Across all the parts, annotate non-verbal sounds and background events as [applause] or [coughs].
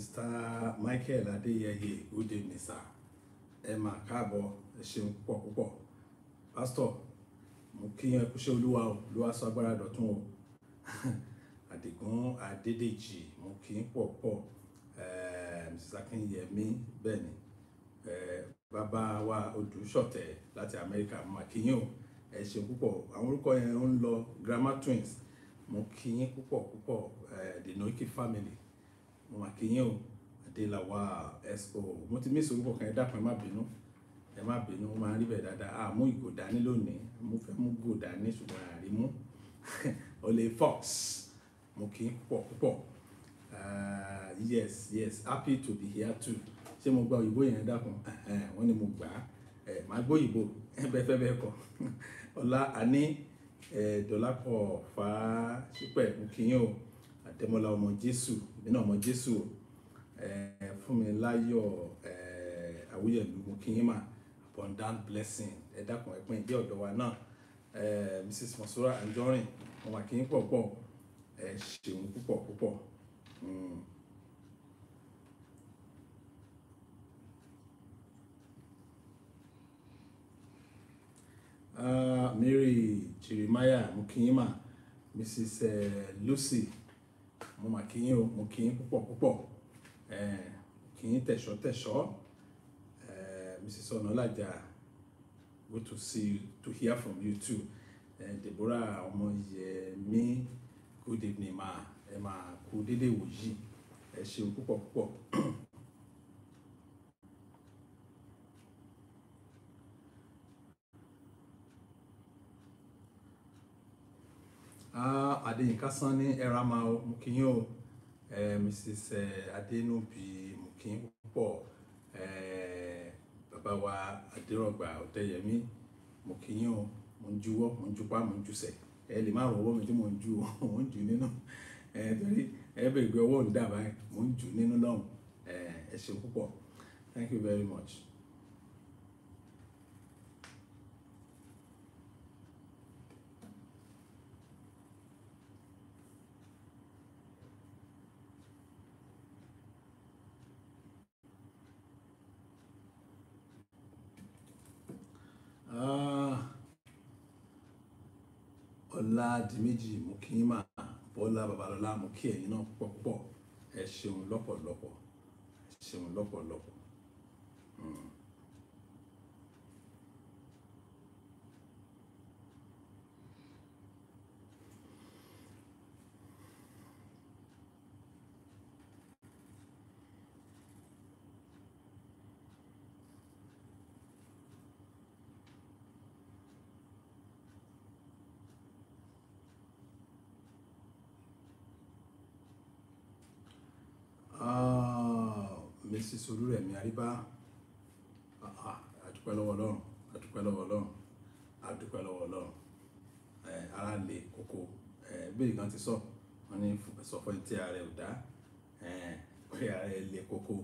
Mr. Michael Adéyẹyè good evening sir ẹ mà káàbọ̀ ẹ pastor mo kí ẹ kú ṣe olúwa o olúwa sọ agbára dọ̀tún o Àdìgún [laughs] Adédèjì mo kí n pọ̀ pọ̀ Mrs. Akínyẹmí bẹ́ẹ̀ ni bàbá wa Udu láti Latin America, kí yín o ẹ ṣeun púpọ̀ àwọn orúkọ grammar twins mo kí yín the Noiki family mo mà o adéláwà expo mo ti mí sorúkọ kan ẹ dákun ẹ má bínú ẹ má bínú ó máa ń rí bẹ́ẹ̀ dáadáa a mú ìgò dání lónìí mo fẹ́ mú gò dání ṣùgbọ́n àrímú [laughs] olè fox mo kí yín púpọ̀ púpọ̀ ah, yes yes happy to be here too ṣé mo gba òyìnbó yẹn dákun wọ́n ní mo gbà á màá gbóyìnbó bẹ́ẹ̀ bẹ́ẹ̀ kọ́ ọ̀la [laughs] àní dọ̀lápọ̀ fàá sípẹ̀ mo kí yín o àdèmọ́lá ọmọ jésù èmi náà mọ Jésù fún mi láyọ̀ àwúyẹ̀lú mo kí yín mà abundant blessing ẹ dákun ẹ pín ìdí ọ̀dọ̀ wa náà Mrs. Monsura Anjorin mo mà kí yín pọ̀ pọ̀ ẹ ṣeun púpọ̀ púpọ̀. Uh, Mary Jeremiah Mukiyima, Mrs. Uh, Lucy mo mà kí yín o mo kí yín púpọ̀ púpọ̀ kí yín tẹ̀sọ́ tẹ̀sọ́ Mrs. Ọ̀nàlàjà good to see to hear from you too uh, Deborah Ọmọyẹmí good evening ma ẹ máa kú dédé wòyí ẹ ṣeun púpọ̀ púpọ̀. Adéyínká Sanni ẹra máa mú kí o Mrs Adénúbi mú kí yín púpọ̀ bàbá wa Adérọ̀gbà Ọ̀tẹ̀yẹmí mú kí yín o mò ń juwọ́ mò ń jupá mò ń jusẹ̀ ẹ lè má rọwọ́ mi tí mò ń ju mò ń jù nínú torí ẹ bèrè pé ọwọ́ ń dà báyìí ń jù nínú lọ́hùn ẹ ṣe púpọ̀ thank you very much. Bọ́lá Díméjì mo kí yín mà Bọ́lá Babalọ́lá mo kí ẹ̀yin náà púpọ̀ púpọ̀ ẹ ṣeun lọ́pọ̀lọpọ̀ ẹ ṣeun lọ́pọ̀lọpọ̀. Mm. Olúrẹ̀mí Àríbá àdúpẹ́ lọ́wọ́ Ọlọ́run àdúpẹ́ lọ́wọ́ Ọlọ́run àdúpẹ́ lọ́wọ́ Ọlọ́run ara lè kókó bẹ́ẹ̀ kan ti sọ wọn ní sọ fún ẹni tí ara ẹ̀ ò dá pé ara ẹ̀ lè kókó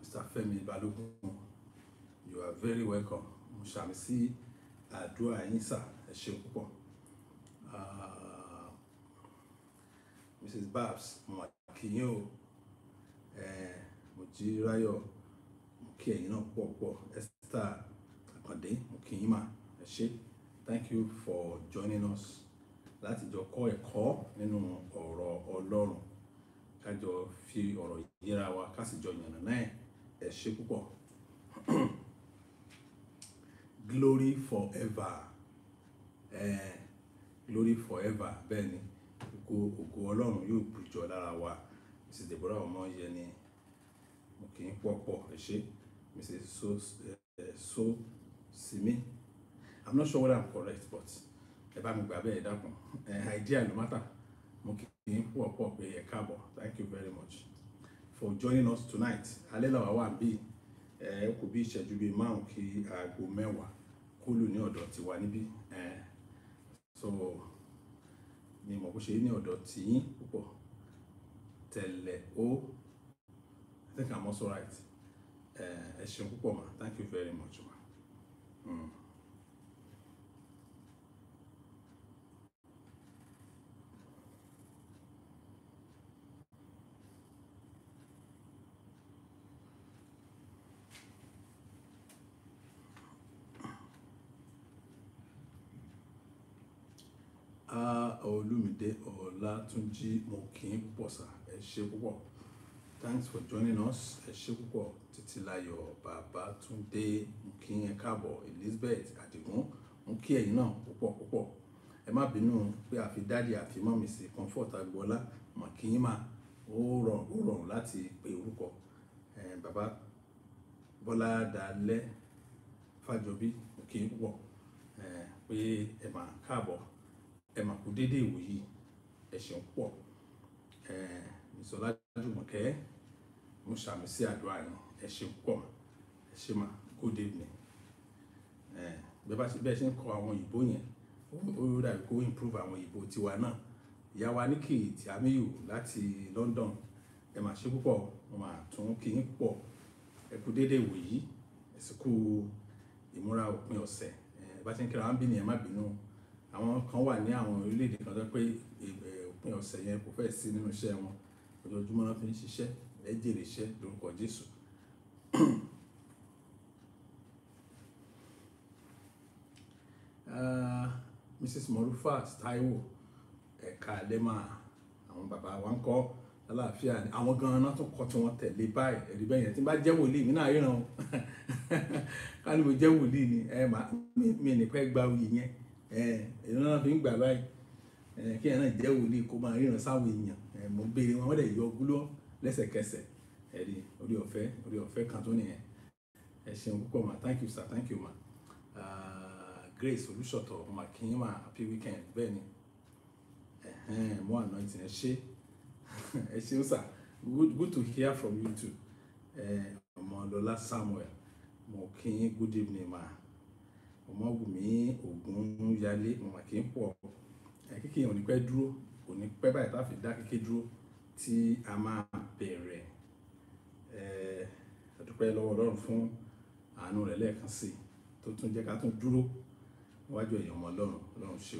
Mr. Fẹ́mi Balógun you are very welcome mo ṣàmì sí àdúrà yín sà ẹ ṣe púpọ̀ Mrs. Babs mo kì í yín o. Eh, Mojíráyọ̀ mo kí ẹ̀yin náà pọ̀pọ̀ Esther Akande mo kí yín mà ẹ ṣé thank you for joining us láti jọ kọ́ ẹ̀kọ́ nínú ọ̀rọ̀ Ọlọ́run ká jọ fi ọ̀rọ̀ yíra wa ká sì jọ yànnà náà ẹ ṣé púpọ̀ [clears throat] glory forever eh, glory forever bẹ́ẹ̀ ni ògo Ọlọ́run yóò bùjọ lára wa. Mrs. Deborah Omoyeni mo kì í Mrs. So uh, So Simi I'm not sure whether I'm correct but ẹ bá mi gbà bẹ́ẹ̀ dákun idea no matter mo kì í pọ̀pọ̀ thank you very much for joining us tonight alẹ́ làwọn wà bíi ẹ kò bí ìṣẹ́jú bíi márùn so mi mọ̀ bó tẹ̀lẹ̀ ó I think I'm also right eh, ẹ thank you very much ma. Mm. Olumide Olatunji Mokinpọ̀sà ẹ ṣé púpọ̀ thanks for joining us ẹ ṣé púpọ̀ Títílayọ̀ Babátúndé mo kí yín káàbọ̀ Elizabeth Adigun mo kí ẹ̀yin náà púpọ̀ púpọ̀ ẹ má bínú pé àfi dáàdì àfi mọ́mì sí comfort agboola mo kí yín mà ó rọrùn ó rọrùn láti pe orúkọ bàbá Bọ́lá Dalẹ́ Fájọbí mo kí yín púpọ̀ pé ẹ máa káàbọ̀ ẹ mà kú déédéé ìwòyí ẹ ṣeun pọ̀ ẹ Mrs. Ọlájùmọ̀kẹ́ mo ṣàmì sí àdúrà yẹn ẹ ṣeun pọ̀ ẹ ṣe mà good evening ẹ bẹ bá ṣe bẹ́ẹ̀ ṣe ń kọ àwọn òyìnbó yẹn ó yóò dàbí kó improve àwọn òyìnbó tiwa náà ìyá wa níkì tí amíyù láti London ẹ mà ṣe púpọ̀ mo mà tún kí yín pọ̀ ẹ kú déédéé ìwòyí ẹ sì ìmúra òpin ọ̀sẹ̀ ẹ bá ṣe ń kíra wọn bí nìyẹn má bínú àwọn kan wà ní àwọn orílẹ̀-èdè kan tó pé òpin ọ̀sẹ̀ yẹn kò fẹ́ẹ̀ sí nínú iṣẹ́ wọn ojoojúmọ́ náà fi ń ṣiṣẹ́ ẹ jèrè iṣẹ́ lórúkọ Jésù. [clears throat] Ah, Mrs. Morufas Taiwo ẹ̀ka lẹ́mà àwọn bàbá wa ń kọ́ àlàáfíà ni àwọn gan-an tó kọ́ tí wọ́n tẹ̀lé báyìí ẹ̀rí bẹ́ẹ̀ yẹn tí n bá jẹ́ wòlíì mi náà ríran o [laughs] ká ní mo jẹ́ wòlíì ni ẹ̀ máa mi nìkan gba oyè yẹn èèyàn náà fi ń gbà báyìí kí èèyàn náà jẹ́ wòlíì kó máa ríran sáwọn èèyàn mo béèrè wọn wọ́n dẹ̀ yọ gúlọ́ lẹ́sẹ̀kẹsẹ̀ ẹ̀rí orí ọ̀fẹ́ orí ọ̀fẹ́ kan tó nìyẹn ẹ ṣeun púpọ̀ ma thank you sir thank you ma uh, Grace ma. ọmọ akínyìn ma happy weekend bẹ́ẹ̀ ni mo anointing ẹ ṣe [laughs] ẹ ṣe ó sà good to hear from you too ọmọ uh, Lọlá Samuel mo kí yín good evening ma. Ọmọ́wùmí Ògúnyalé, mo mà kí n pọ̀. Kíki dúró, kò ní pẹ́ báyìí fi dá kíké dúró tí a máa bẹ̀rẹ̀. A dúpẹ́ lọ́wọ́ Ọlọ́run fún àánú rẹ̀ lẹ́ẹ̀kan si tó tún jẹ́ ká tún dúró níwájú ẹ̀yin ọmọ Ọlọ́run. Ọlọ́run ṣe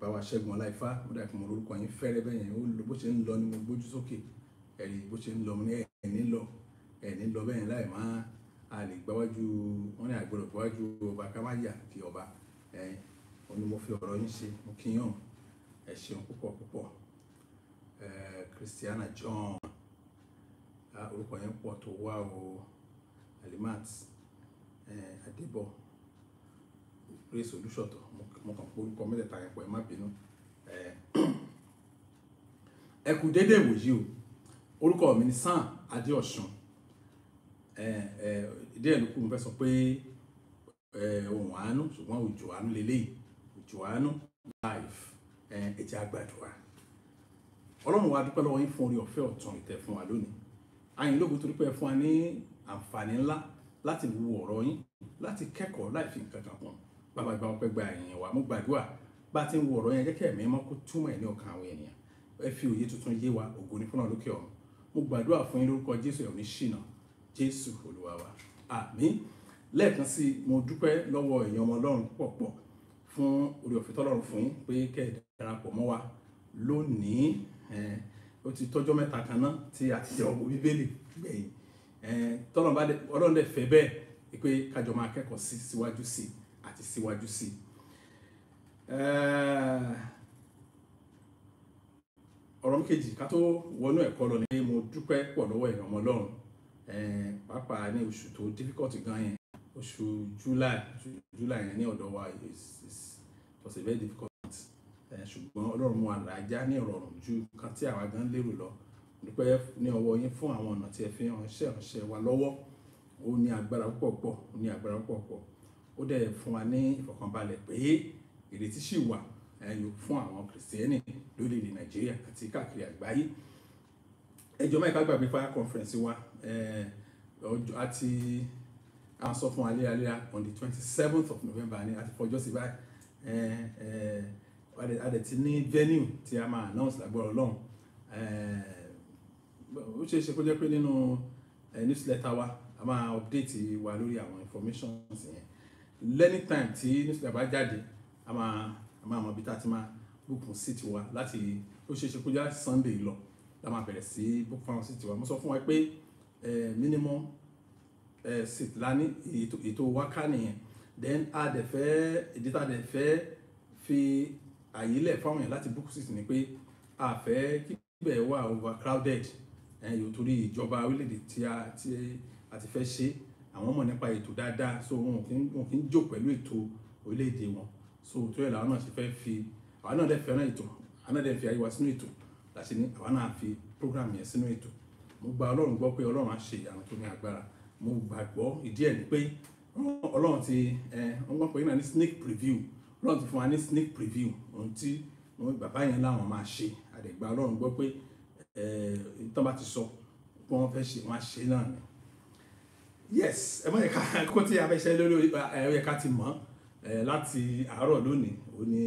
báwa ṣẹ́gun ọláìfá ó dà fún orúkọ yín fẹ́rẹ́ bẹ́ẹ̀ yẹn bó ṣe ń lọ ni mo gbójú sókè ẹ̀rí bó ṣe ń lọ ní ẹ̀ní lọ ẹ̀ní lọ bẹ́ẹ̀ láì má a lè gbáwájú wọn ní àgbẹ̀rọ̀ gbáwájú ọba kámáyà ti ọba ẹ̀yìn ó ní mo fi ọ̀rọ̀ yín ṣe mo kí yàn ẹ̀ ṣeun púpọ̀ púpọ̀ Christiana John orúkọ yẹn pọ̀ tó wá o Alimat Adébọ̀. Praise Olúṣọ̀tọ̀ mo kàn forúkọ mẹ́tẹ̀ẹ̀ta yẹn pọ̀ ẹ má bínú ẹ kú déédé ìwòyí o orúkọ mi ni Sam Adéọ̀sùn díẹ̀ ló kù mo fẹ́ sọ pé ohun àánú ṣùgbọ́n òjò àánú lélẹ́yìí òjò àánú live ẹ jẹ́ àgbàdua ọlọ́run wa dúpẹ́ lọ́wọ́ yín fún orí ọ̀fẹ́ ọ̀tún ìtẹ́ fún wa lónìí àyìn lógun torí pé ẹ fún wa ní àǹfààní ńlá láti wo ọ̀rọ̀ yín láti kẹ́kọ̀ọ́ láì fi nǹkan kan pọ̀n bàbá ìgbà ọpẹ́ gba ẹ̀yìn wa mo gbàdúrà bá ti ń wo ọ̀rọ̀ yẹn jẹ́ kí ẹ̀mí mọ́ kó túmọ̀ ẹ̀ ní ọkàn àwọn ènìyàn ẹ fi òye tuntun yé wa ògo ní fúnra lókè ọ̀run mo gbàdúrà fún yín lórúkọ jésù ẹ̀ ò ní ṣìnà jésù olúwa wa àmín lẹ́ẹ̀kan sí i mo dúpẹ́ lọ́wọ́ èèyàn ọmọ ọlọ́run pọ̀pọ̀ fún orí ọ̀fẹ́ tọ́lọ́run fún yín pé kẹ́ ẹ̀ darapọ̀ mọ́ wa lónìí o ti tọ́jọ́ mẹ́ta kan náà tí a ti jẹ ọmọ bíbélì gbẹ̀yìn tọ́lọ́run bá ọlọ́run dẹ̀ fẹ́ bẹ́ẹ̀ pé kájọ máa kẹ́kọ̀ọ́ sí síwájú sí i àti síwájú sí eh, ọ̀rọ̀ kejì ká tó wọnú ẹ̀kọ́ lọ ní mo dúpẹ́ pọ̀ lọ́wọ́ ìrànmọ́ ọlọ́run eh, pàápàá ní oṣù tó difficult gan yẹn oṣù July July yẹn ní ọ̀dọ̀ wa was a very difficult month eh, ṣùgbọ́n ọlọ́run mú àlàájá ní ìrọ̀rùn ju kan tí àwa gan lérò lọ dúpẹ́ ní ọwọ́ yín fún àwọn ọ̀nà tí ẹ fi hàn ṣe hàn ṣe wa lọ́wọ́ ó ní agbára púpọ̀ pọ̀ ó ní agbára púpọ̀ pọ̀ ó dẹ̀ fún wa ní ìfọ̀kànbalẹ̀ pé ìrètí sì wà ẹ̀yọ fún àwọn kìrìsìtẹ́nì lórílẹ̀‐èdè nàìjíríà àti káàkiri àgbáyé ẹjọ́ mẹ́ta gbàgbé fire conference wa ọjọ́ àti à sọ fún wa léraléra on the twenty seventh of november ni àti fọjọ́ sí báyìí adẹ̀ ti ní venue tí a máa announce lágbọ́rọ̀ lọ́hùn ó ṣeé ṣe kó jẹ́ pé nínú newsletter wa a máa update wa lórí àwọn information yẹn lẹ́ni time tí newspaper bá jáde a máa a máa mọ ibi tá a ti máa bùkún sí tiwa láti ó ṣe ṣe kó Sunday lọ la máa bẹ̀rẹ̀ sí bùkún fáwọn sí tiwa mo sọ fún wa pé minimum seat la ní ètò wákà nìyẹn then a dẹ̀ fẹ́ ìdí tá a dẹ̀ fẹ́ fi àyè lẹ̀ fáwọn yẹn láti bùkún seat ni pé a fẹ́ kí bẹ́ẹ̀ wà overcrowded ẹ̀yìn torí ìjọba orílẹ̀-èdè tí a ti fẹ́ ṣe àwọn mọ̀ nípa ètò dáadáa so wọn ò kí ń jò pẹ̀lú ètò orílẹ̀-èdè wọn so tó yẹ làwọn náà ṣe fẹ́ fi àwọn náà dẹ̀ fẹ́ràn ètò àwọn náà dẹ̀ fi ayé wa sínú ètò láti ní àwọn náà fi program yẹn sínú ètò mo gba ọlọ́run gbọ́ pé ọlọ́run á ṣe àwọn tó ní agbára mo gbàgbọ́ ìdí ẹ̀ ni pé ọlọ́run ti ẹ wọ́n gbọ́ pé náà ní sneak preview ọlọ́run ti fún wa ní sneak preview ohun tí bàbá yẹn láwọn máa ṣe àdẹ̀gbà ọlọ́run gbọ́ pé ẹ tán bá ti sọ pé wọ́n fẹ́ ṣe wọ́n á ṣe náà ni yes ẹ mọ̀ ẹ̀ka [laughs] kó tí abẹ́ṣẹ́ lórí ẹ̀rọ ẹ̀ka ti mọ̀ láti àárọ̀ lónìí ó ní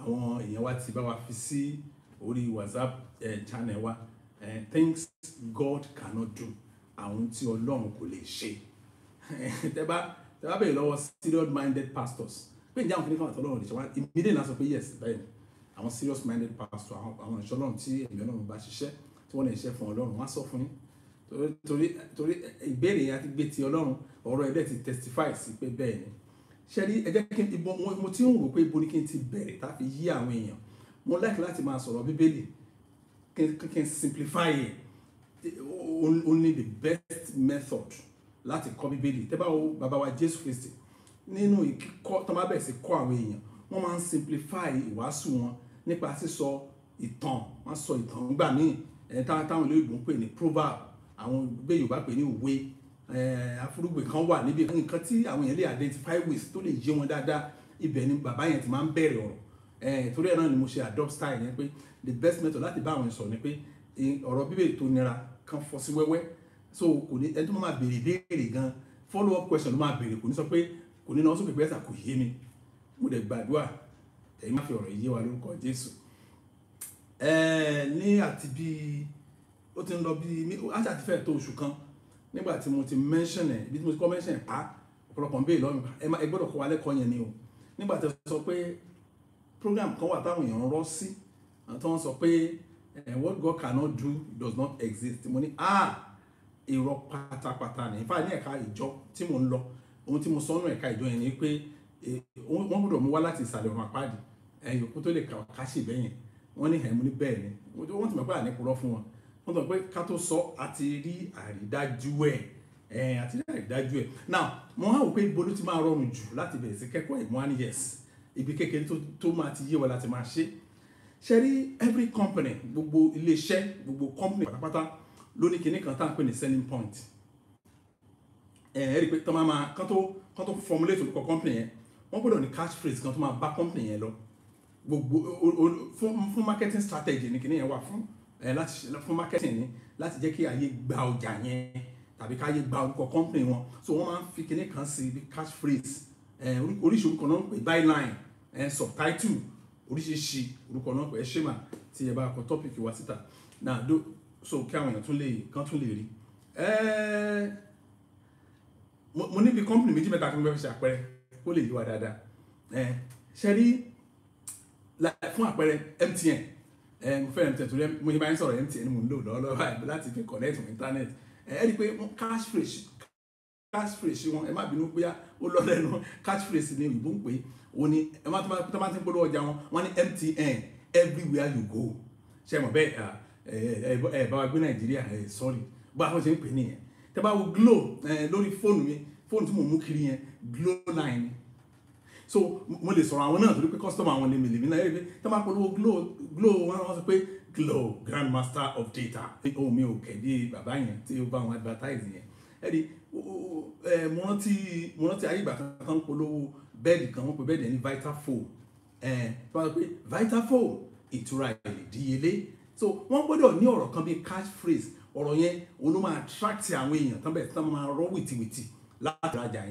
àwọn èèyàn wa ti bá wa fi sí orí whatsapp channel wa things God cannot do àwọn tí ọlọ́run kò lè ṣe [laughs] tẹ́ bá tẹ́ bá bẹ̀rẹ̀ lọ́wọ́ serious minded pastors pé ǹjẹ́ àwọn kìnìkan àti ọlọ́run lè ṣe wá immediately náà sọ pé yes bẹ́ẹ̀ àwọn serious minded pastors àwọn ìṣọ́lọ́run tí ẹ̀mí ọlọ́run bá ṣiṣẹ́ tí wọ́n lè ṣe fún ọlọ́run wọ́n á sọ fún yín torí torí ìbéèrè yẹn àti gbé ti ọlọ́run ọ̀rọ̀ ẹ̀ ti testify sí pé bẹ́ẹ̀ ni ṣe rí ẹ jẹ́ kí n ibọ mo ti ń rò pé ibo ni kí n ti bẹ̀rẹ̀ tá a fi yí àwọn èèyàn mo like láti máa sọ̀rọ̀ bíbélì kí n simplify ẹ̀ only the best method láti kọ́ bíbélì tẹ́ bá wo bàbá wa Jésù Kristi nínú ìkọ́ tó máa bẹ̀rẹ̀ sí kọ́ àwọn èèyàn wọ́n máa ń simplify ìwàásù wọn nípa sísọ ìtàn wọ́n sọ ìtàn nígbà míì ẹ̀ táwọn olóyìnbó ń pè ní proverb àwọn gbé yorùbá pè ní òwe eh, afúrúgbìn kan wà níbi nǹkan tí àwọn èèyàn lè identify with tó lè yé wọn dáadáa ibẹ̀ ni bàbá yẹn ti máa ń bẹ̀rẹ̀ ọ̀rọ̀ eh, torí ẹ̀ náà ni mo ṣe adopt style yẹn pé the best method láti bá àwọn sọ̀rọ̀ ni pé eh, ọ̀rọ̀ bíbélì tó nira kan fọ́ sí wẹ́wẹ́ so kò ní ẹni tó máa béèrè ìbéèrè gan follow up question ló máa béèrè kò ní sọ pé kò ní náà sókè pé ẹ̀sà kò yé mi mo dẹ̀ gbàdúrà ẹ̀yin má fi ọ̀rọ̀ yé wa lórúkọ Jésù ní àti bíi ó ti ń lọ bí áṣà ti fẹ́ tó oṣù kan nígbà tí mo ti mention ẹ̀ ibi tí mo ti kọ́ mention ẹ̀ pa ah, ọ̀pọ̀lọpọ̀ ń béè lọ́rùn ẹ gbọ́dọ̀ kọ́ wa lẹ́kọ̀ọ́ yẹn ni o nígbà tí wọ́n sọ pé program kan wà táwọn èèyàn rọ́ sí tí wọ́n sọ pé eh, what God cannot do does not exist mo ní ah irọ́ pátápátá ní ìfà ní ẹ̀ka ìjọ tí mo ń lọ ohun tí mo sọ nù ẹ̀ka ìjọ yẹn ni pé eh, wọ́n gbọ́dọ̀ mú wá láti ìsàlẹ̀ ọ̀run àpáàdì ẹ̀yìn òkú tó lè kà ká ṣèbẹ́yìn wọ́n ní ẹ̀mú ní bẹ́ẹ̀ ni wọ́n ti mọ̀ pé àníkùrọ̀ fún wọn wọ́n sọ pé ká tó sọ àti rí àrídájú ẹ̀ ẹ̀ àti rí àrídájú ẹ̀ now mo hàn wò pé ibo ló ti máa rọrùn jù láti bẹ̀rẹ̀ sí kẹ́kọ̀ọ́ ẹ̀ one years ibi kékeré tó máa ti yé wa láti máa ṣe ṣe rí every company gbogbo iléeṣẹ́ gbogbo company pátápátá ló ní kinní kan tá à ń pè ní selling point ẹ̀ ẹ́ rí i pé tọ́ máa máa kán tó kán tó formulate olùkọ́ company yẹn wọ́n gbọ́dọ̀ ní cash phrase kan tó máa bá company yẹn lọ gbogbo fún marketing strategy ní kinní yẹn wà fún Eh, láti fún marketing ni láti jẹ́ kí ayé gba ọjà yẹn tàbí káyé gba orúkọ company wọn so wọ́n máa ń fi kinní kan sí bí cash phrase eh, oríṣi orúkọ náà ń pè byline eh, subtitle oríṣiríṣi orúkọ náà ń pè ẹ ṣé mà tí ẹ bá kọ topic wá síta náà do so kí àwọn èèyàn tún lè kán tún lè rí mo níbi company méjì mẹ́ta fún mi fẹ́ ṣe àpẹẹrẹ kó lè yí wa dáadáa ṣe rí fún àpẹẹrẹ MTN mo fẹ́ràn tẹ̀ torí mo ṣe bá ń sọ̀rọ̀ MTN mo ń lò lọ́wọ́lọ́wọ́ láti fi connect on internet ẹ rí i pé cash fresh cash fresh wọn ẹ má bínú bóyá ó lọ lẹ́nu cash fresh ni òyìnbó ń pè ó ní ẹ má tó má ti ń polówó ọjà wọn wọn ní MTN everywhere you go ṣe mọ̀ bẹ́ẹ̀ ẹ bá wa gbé Nàìjíríà ẹ sọ́ọ̀rì bá a fọ́n ṣe ń pè nìyẹn tẹ bá wo glow. lórí fóònù mi fóònù tí mo mú kiri yẹn Glow line so mo lè sọ̀rọ̀ àwọn náà torí pé customer àwọn lè mèlè mí náà yẹ pé tó máa polówó glo glo wọn sọ pé glo grand master of data ohun mi ò kẹ̀ bí bàbá yẹn tí ó bá wọn advertise yẹn ẹ̀rí mo rántí mo rántí ayé ìgbà kan tó ń polówó bẹ́ẹ̀dì kan wọ́n pe bẹ́ẹ̀dì ẹni Vitafol tó máa sọ pé Vitafol ìtura ìdíyelé so wọ́n gbọ́dọ̀ ní ọ̀rọ̀ kan bíi cash phrase ọ̀rọ̀ yẹn òun ló máa attract àwọn èèyàn tán bẹ́ẹ̀ tán máa rọ́ wìtìwìtì láti rajà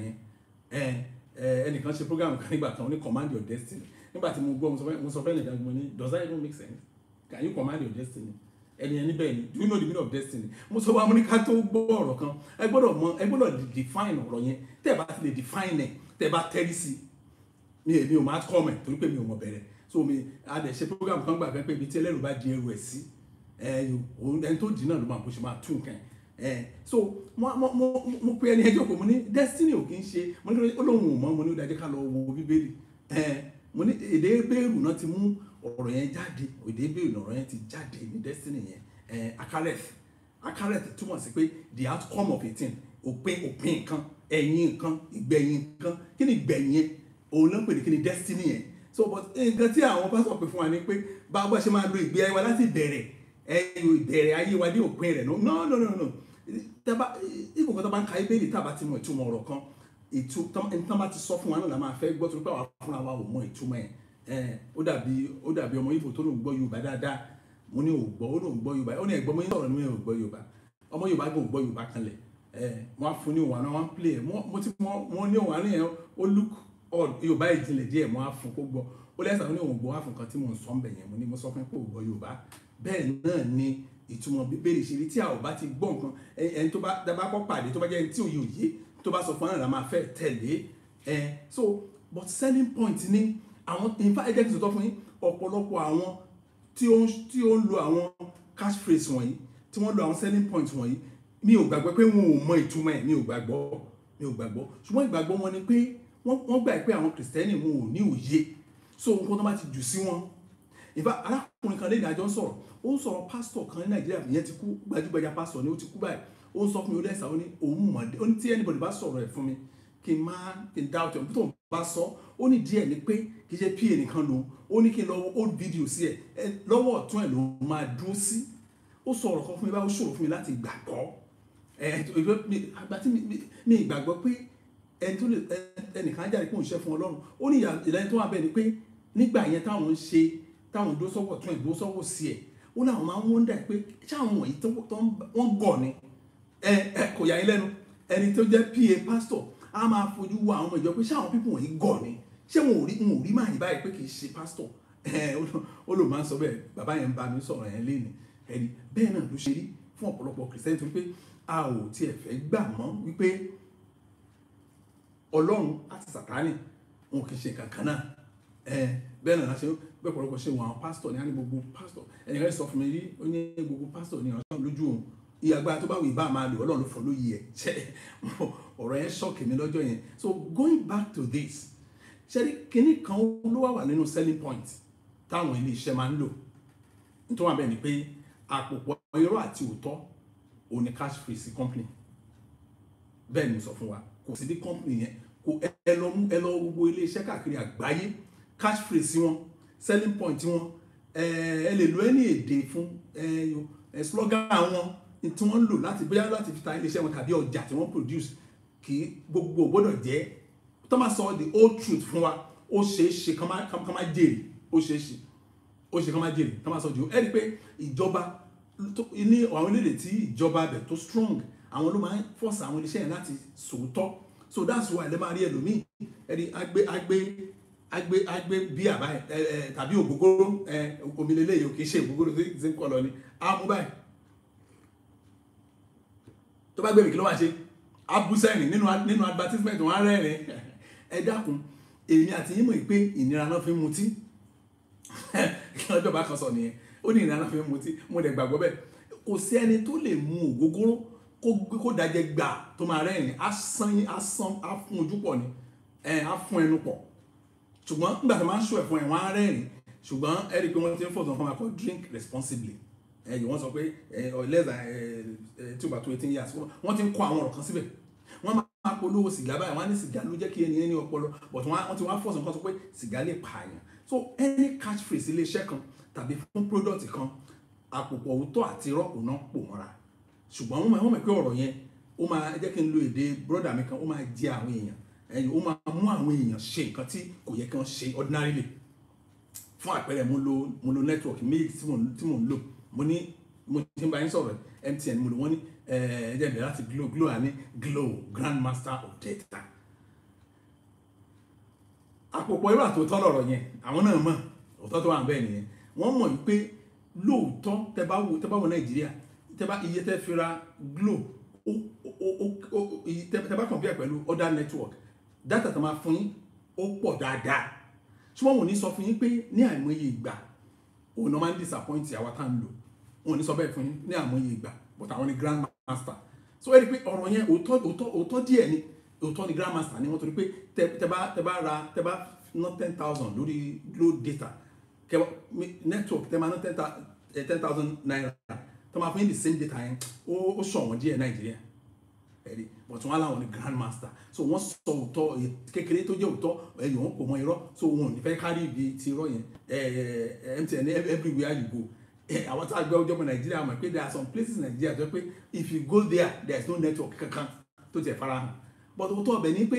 Eh, ẹnìkan ṣe program kan nígbà kan ó ní command your destiny nígbà tí mo gbọ́ mo sọ fẹ́ nìkan mo ní does that even make sense can you command your destiny ẹni ẹni bẹ́ẹ̀ ni do you know the meaning of destiny mo sọ wa mo ní ká tó gbọ́ ọ̀rọ̀ kan ẹ gbọ́dọ̀ mọ ẹ gbọ́dọ̀ define ọ̀rọ̀ yẹn tẹ́ ẹ bá ti lè define ẹ tẹ́ ẹ bá tẹ́rí sí mi èmi ò máa kọ́ ọmọ ẹ̀ torí pé mi ò mọ̀ bẹ̀rẹ̀ so mi a dẹ̀ ṣe program kan gbà pé ibi tí ẹlẹ́rù bá di ẹrù ẹ̀ sí ẹ ẹni tó dì náà ló máa bó ṣe máa tún nǹkan ẹ̀ ẹ eh, so mo mo mo pe ẹni ẹjọ́ kò mo ní destiny ò kí ń ṣe mo ní kí lóun ò mọ̀ mo ní ìdájọ́ ká lọ wo bíbélì ẹ eh, mo ní èdè bẹ́ẹ̀rù náà ti mú ọ̀rọ̀ yẹn jáde èdè bẹ́ẹ̀rù náà ọ̀rọ̀ yẹn ti jáde ní destiny yẹn ẹ eh, akareth akareth túmọ̀ sí pé the outcome of a thing òpin òpin nǹkan ẹ̀yìn nǹkan ìgbẹ̀yìn nǹkan kí ni ìgbẹ̀yìn yẹn òun ló ń kí ni destiny yẹn so but nǹkan tí àwọn pásítọ̀ pè fún wa ni pé báwo bá ṣe máa lo ìgbé ayé wa láti bẹ̀rẹ̀ ẹ̀yìn ìbẹ̀rẹ̀ ayé wa dé òpin rẹ̀ no no no no. no tẹ́bá ibùn kan tó bá ń ka ibéèrè tàbá ti mọ ìtumọ̀ ọ̀rọ̀ kan ìtumọ̀ ti sọ fún wa náà la máa fẹ́ gbọ́ torí pé àwa fúnra wa ò mọ ìtumọ̀ ẹ̀ ó dàbí ó dàbí ọmọ ibo tó lóun gbọ́ Yorùbá dáadáa mo ní ògbọ́ ó lóun gbọ́ Yorùbá ó ní ẹ̀gbọ́n mo ní sọ̀rọ̀ ní ògbọ́ Yorùbá ọmọ Yorùbá kò gbọ́ Yorùbá kanlẹ̀ wọ́n á fún ní òun àná wọ́n á play ẹ̀ mo ti mọ ní òun look Yorùbá ìjìnlẹ̀ díẹ̀ mo á fún kó gbọ́ ó lẹ́sàn-án mo ń sọ ń mo ní mo sọ fún pé òun náà ni ìtumọ̀ bíbélì ṣe rí tí a ò bá ti gbọ́ nǹkan ẹni tó bá dábàá kọ́ pàdé tó bá jẹ́ ẹni tí òye òye tó bá sọ fún àrà máa fẹ́ tẹ̀lé ẹ so but selling point ni àwọn in fact ẹ jẹ́ kí n sọ tọ́ fún yín ọ̀pọ̀lọpọ̀ àwọn tí ó ń lo àwọn cash phrase wọ̀nyí tí wọ́n lo àwọn selling point wọ̀nyí mi ò gbàgbọ́ pé wọn ò mọ ìtumọ̀ ẹ̀ mi ò gbàgbọ́ mi ò gbàgbọ́ ṣùgbọ́n ìgbàgbọ́ wọn ni pé wọ́n gbà pé àwọn kìrìsìtẹ́nì wọn ò ní òye so nǹkan tó bá ti jù sí wọn ìfà arákùnrin kan lẹ́yìn àjọ sọ̀rọ̀ ó ń sọ̀rọ̀ pásítọ̀ kan ní nàìjíríà ìyẹn ti kú gbajúgbajà pásítọ̀ ni ó ti kú báyìí ó ń sọ fún mi ó lẹ́sà ó ní òun mọ̀ ó ní tí anybody bá sọ̀rọ̀ ẹ̀ fún mi kí n máa kí n dá ọ̀tọ̀ bí tóun bá sọ ó ní díẹ̀ ni pé kì í ṣe pa nìkan lòun ó ní kí n lọ́wọ́ old video sí ẹ̀ lọ́wọ́ ọ̀tún ẹ̀ lòun máa dúró sí ó sọ̀rọ̀ kan fún mi báwo ṣòro fún mi láti gbàgbọ́ àgbàtí mi ìgbàgbọ́ pé ẹnìkan jáde kó ń ṣe fún ọlọ́run ó ní ìlànà tó wà bẹ́ẹ̀ ni pé nígbà yẹn táwọn ń ṣe táwọn dó tún ìdó sí ẹ̀ ó láwọn máa ń wọ́ndà pé ṣáwọn wọ̀nyí tó wọ́n gọ̀ ni ẹ ẹ kò yà yín lẹ́nu ẹni tó jẹ́ pa pastor á máa fojú wo àwọn ìjọ pé ṣáwọn pípọ̀ wọ̀nyí gọ̀ ni ṣé wọn ò rí wọn ò rí máa yí báyìí pé kì í ṣe pastor ó lò máa ń sọ bẹ́ẹ̀ bàbá yẹn ń bá mi sọ̀rọ̀ yẹn léni ẹni bẹ́ẹ̀ náà ló ṣe rí fún ọ̀pọ̀lọpọ̀ kìrìsìtẹ́nì wípé bẹ́ẹ̀ ṣe wọn àwọn pásítọ̀ ní á pásítọ̀ ẹ̀yìn rẹ̀ sọ fún mi rí ó gbogbo pásítọ̀ ní ọ̀ṣọ́ lójú òun iye tó bá wù yí máa lò ọlọ́run ló lóye ẹ̀ ṣe ọ̀rọ̀ yẹn ṣọ́ọ̀kì mi lọ́jọ́ yẹn so going back to this ṣe rí kinní kan ló wà wà nínú selling point táwọn ilé iṣẹ́ máa ń lò nítorí wọn bẹ́ẹ̀ ni pé àpòpọ̀ irọ́ àti òótọ́ òun ni cash free sí company bẹ́ẹ̀ ni mo sọ fún wa kò sí ní company yẹn kò ẹ lọ mú ẹ lọ gbogbo ilé iṣẹ́ káàkiri àgbáyé cash free sí wọn selling point wọn ẹ lè lo ẹni èdè fún slogan wọn tí wọ́n ń lò láti bóyá láti fi ta iléeṣẹ́ wọn tàbí ọjà tí wọ́n produce kì í gbogbo gbọ́dọ̀ jẹ́ tó máa sọ the old truth fún wa ó ṣeé ṣe kán má jèrè ó ṣeé ṣe ó ṣe kán má jèrè kán má sọ jù ẹ́ rí i pé ìjọba ní àwọn orílẹ̀-èdè tí ìjọba abẹ tó strong àwọn ló máa ń force àwọn iléeṣẹ́ yẹn láti sòótọ́ so that's why lè máa rí ẹlòmíì ẹni agbé agbé agbe agbe bi àbá ẹ ẹ tàbí ògógóró ẹ omi lélẹyìí ò kì í ṣe ògógóró tí ń kọ lọ ni á mú báyìí tó bá gbẹ̀mí kí ló máa ṣe á advertisement wọn á rẹ́rìn ẹ dákun èmi àti yín mọ̀ pé ìnira náà fi mutí lọ́jọ́ bá kan sọ nìyẹn ó ní ìnira náà fi mutí mo dẹ̀ gbàgbọ́ bẹ́ẹ̀ kò sí ẹni tó lè mu ògógóró kó dajẹ gbà tó máa rẹ́rìn á san á san á fún ojú pọ̀ ni ẹ á fún ẹnu pọ̀ ṣùgbọ́n nígbà tí wọ́n máa ń ṣó ẹ̀fọn ẹ̀ wọ́n á rẹ́rìn ṣùgbọ́n ẹ pé wọ́n ti ń fọ̀tàn fún wa kọ́ drink responsibly ẹ̀yìn wọ́n sọ pé less than tí o bá tó eighteen years wọ́n ti ń kọ́ àwọn ọ̀rọ̀ kan síbẹ̀ wọ́n máa polówó sìgá báyìí wọ́n á ní sìgá ló jẹ́ kí ẹni ẹni ọpọlọ but wọ́n ti wá fọ̀sán kan sọ pé sìgá lè pààyàn so any catchphrase iléeṣẹ́ kan tàbí fún product kan àpòpọ̀ òótọ́ àti rọ́pò náà pò mọ́ra ṣùgbọ́n wọ́n mọ̀ pé ọ̀rọ̀ yẹn ó máa jẹ́ kí n lo èdè brọ́dà mi kan ó máa jẹ àwọn èèyàn ẹ̀yìn ó máa mú àwọn èèyàn ṣe nǹkan tí kò yẹ kí wọ́n ṣe ordinarily fún àpẹẹrẹ mo lo mo lo network méjì tí mò ń lò mo ní mo ti ń bá yín sọ̀rọ̀ MTN mo lò wọ́n ní ẹ̀ẹ́dẹ̀ bẹ̀rẹ̀ láti Glo Glo àní Glo grand master of data àpòpọ̀ irú àtòótọ́ lọ̀rọ̀ yẹn àwọn náà mọ̀ òótọ́ tó wà bẹ́ẹ̀ nìyẹn wọ́n mọ̀ wípé lóòótọ́ tẹ bá wo tẹ wo Nàìjíríà tẹ iye tẹ fi ra o o o o iye tẹ bá compare pẹ̀lú other network dátà tó máa fún yín ó pọ̀ dáadáa ṣùgbọ́n wọn ò ní sọ fún yín pé ní àìmọye ìgbà òun náà máa ń disappoint àwa tá à ń lò wọn ò ní sọ bẹ́ẹ̀ fún yín ní àìmọye ìgbà but àwọn ni grand master so ẹ rí i pé ọ̀rọ̀ yẹn òótọ́ díẹ̀ ni òótọ́ ni grand master ni wọ́n torí pé tẹ bá ra tẹ bá ná ten thousand lórí low data network tẹ máa ná ten eh, thousand naira tọ́ máa fún yín the same data yẹn ó ṣọ̀wọ́n díẹ̀ nàìjíríà ẹ̀rí but wọn làwọn ni grandmaster, master so wọn sọ òótọ́ kékeré tó jẹ́ òótọ́ ẹ̀yìn wọn kò mọ irọ́ so wọn ò ní fẹ́ kárí ibi ti irọ́ yẹn MTN everywhere you go àwọn tá a gbọ́ ọjọ́ mọ nàìjíríà mọ̀ pé there are some places in Nigeria tó pé if you go there there is no network kankan tó tiẹ̀ farahàn but òótọ́ ọbẹ̀ ni pé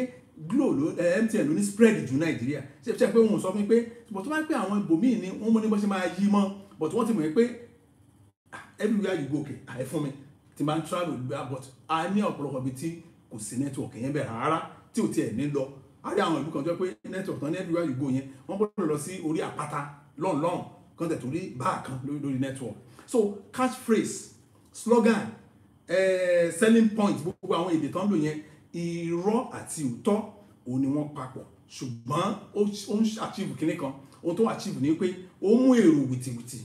Glo ló MTN ló ní spread jù nàìjíríà ṣe ṣe pé wọn sọ fún mi pé but tó bá pẹ́ àwọn ibòmíì ni wọ́n mú ní bó ṣe máa yí mọ́ but wọ́n ti mọ̀ pé ah, everywhere you go kẹ̀ àìfún mi tí máa ń travel gbá but a ní ọ̀pọ̀lọpọ̀ ibi tí kò sí network yẹn bẹ̀ rárá tí ò tiẹ̀ ní lọ a rí àwọn ìlú kan jọ pé network tán ní everywhere you go yẹn wọ́n gbọ́dọ̀ lọ sí orí àpáta lọ́nlọ́n kan tẹ̀ torí báà kan lórí network so catchphrase slogan eh, selling point gbogbo àwọn èdè tán lò yẹn irọ́ àti òótọ́ òun ni wọ́n papọ̀ ṣùgbọ́n ó ń achieve kinní kan ohun tó achieve ni pé ó mú èrò wìtìwìtì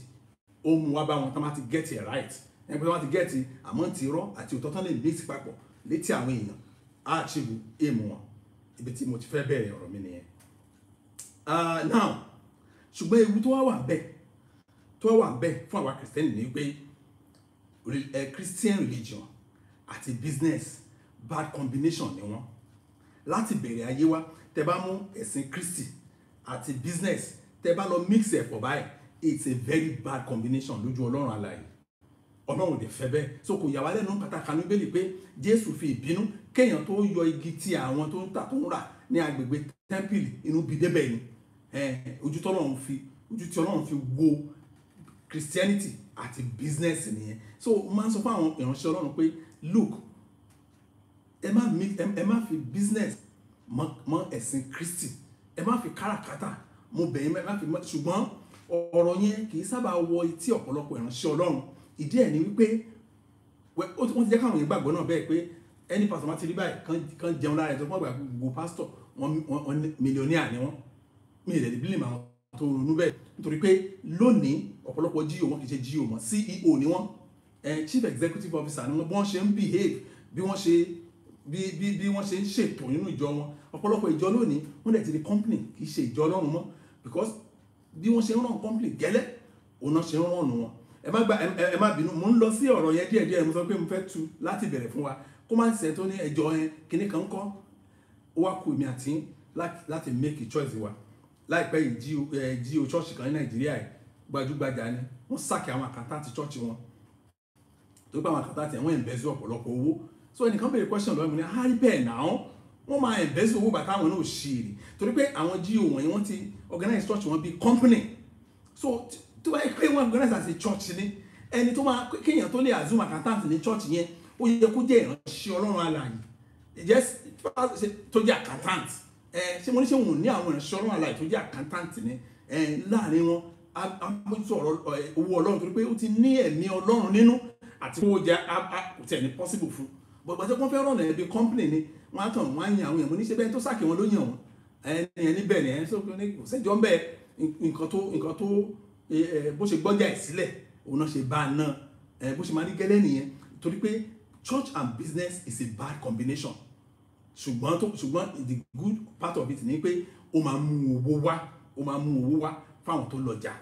ó mú wá bá wọn tán bá ti get it right ẹni pé wọ́n ti gẹ́ẹ̀tì àmọ́ ti rọ́ àti òótọ́ tán lè mix papọ̀ létí àwọn èèyàn á àṣìwò èèmù wọn ibi tí mo ti fẹ́ bẹ̀rẹ̀ ọ̀rọ̀ mi nìyẹn. Ah, now ṣùgbọ́n ewu tó wá wà bẹ́ẹ̀ tó wá wà bẹ́ẹ̀ fún àwa kìrìsìtẹ́nì ni pé eh, christian religion àti business bad combination ni wọ́n láti bẹ̀rẹ̀ ayé wa tẹ bá mú ẹ̀sìn Kristi àti business tẹ bá lọ mix ẹ̀ pọ̀ báyìí it's a very bad combination lójú ọlọ́run alààyè ọlọ́run lè fẹ́ bẹ́ẹ̀ so kò yà wá lẹ́nu pàtàkì àánú bẹ́ẹ̀ pé jésù fi ìbínú kéèyàn tó yọ igi ti àwọn tó ń tà tó ń rà ní agbègbè tẹ́ḿpìlì inú bí débẹ̀ ni ojú tí ọlọ́run fi ojú tí ọlọ́run fi wo christianity àti business nìyẹn so máa ń sọ fún àwọn ìránṣẹ́ ọlọ́run pé look ẹ má mi ẹ má fi business mọ ẹ̀sìn kristi ẹ má fi káràkátà mo bẹ̀ yín ẹ má fi ṣùgbọ́n ọ̀rọ̀ yẹn kì í sábà wọ etí ọ̀pọ̀lọpọ̀ ìránṣẹ́ ọlọ́run ìdí ẹ̀ ni wípé wọ́n ti jẹ́ káwọn yẹn gbàgbọ́ náà bẹ́ẹ̀ pé ẹni pásítọ̀ máa ti rí báyìí kan jẹun lára ẹ̀ tó pọ̀ gbà gbogbo pásítọ̀ wọn mílíọ̀nìà ni wọ́n mi ì lẹ́ni bílíọ̀nù àwọn tó ronú bẹ́ẹ̀ nítorí pé lónìí ọ̀pọ̀lọpọ̀ GO wọn kì í ṣe GO mọ́ CEO ni wọ́n chief executive officer ni wọ́n bí wọ́n ṣe ń behave bí wọ́n ṣe bí bí bí wọ́n ṣe ń ṣètò nínú ìjọ wọn ọ̀pọ̀lọpọ̀ ìjọ lónìí wọ́n dẹ̀ ti di company kì í ṣe ìjọ ọlọ́run mọ́ because bí wọ́n ṣe ń ràn company gẹ́lẹ́ òun náà ṣe ń ràn nù wọn ẹ má gba ẹ má bínú mo ń lọ sí ọ̀rọ̀ yẹn díẹ̀díẹ̀ mo sọ pé mo fẹ́ tu láti bẹ̀rẹ̀ fún wa kó má ṣe tó ní ẹjọ́ yẹn kíní kan kọ́ ó wá kú èmi àti láti make a choice wa láìpẹ́ yìí jí o church kan ní nàìjíríà yìí gbajúgbajà ni wọ́n sàkè àwọn àkàtà ti church wọn tó pé àwọn àkàtà ti àwọn ẹ̀ńbẹ́sì ọ̀pọ̀lọpọ̀ owó so ẹnìkan béèrè question lọ́wọ́ mi ní hárí bẹ́ẹ̀ náà wọ́n máa ẹ̀ńbẹ́sì owó bàtà àwọn náà ṣèrè torí pé àwọn jí o wọ̀nyí wọ́n ti organize church wọn bíi company so tó bá yẹ pé wọn gbọ́dọ̀ sàṣe church ni ẹni tó máa kéèyàn tó lè assume accountant ní church yẹn ó yẹ kó jẹ́ ìránṣẹ́ ọlọ́run alààyè yes tó jẹ́ accountant ṣé mo ní ṣé wọn ò ní àwọn ìránṣẹ́ ọlọ́run alààyè tó jẹ́ accountant ni láàrin wọn amójútó ọ̀rọ̀ owó ọlọ́run torí pé ó ti ní ẹ̀mí ọlọ́run nínú àti kó jẹ́ kò tẹ̀ ní possible fún bọ̀gbà tó kún fẹ́ rọ̀nà ẹ̀bí company ni wọ́n á tàn wọ́n á yan àwọn èèyàn mo ní ṣe bẹ́ẹ̀ tó sàkè wọn ló yàn wọ́n ẹni ẹni bẹ́ẹ̀ ni ẹni tó kò sẹ́jọ́ ń bẹ́ẹ̀ nǹkan tó nǹkan tó bó ṣe gbọ́jà ẹ̀ sílẹ̀ òun náà ṣe bá a náà bó ṣe máa rí gẹ́lẹ́ nìyẹn torí pé church and business is a bad combination ṣùgbọ́n tó ṣùgbọ́n the good part of it ni pé ó máa mú owó wá ó máa mú owó wá fáwọn tó lọ́jà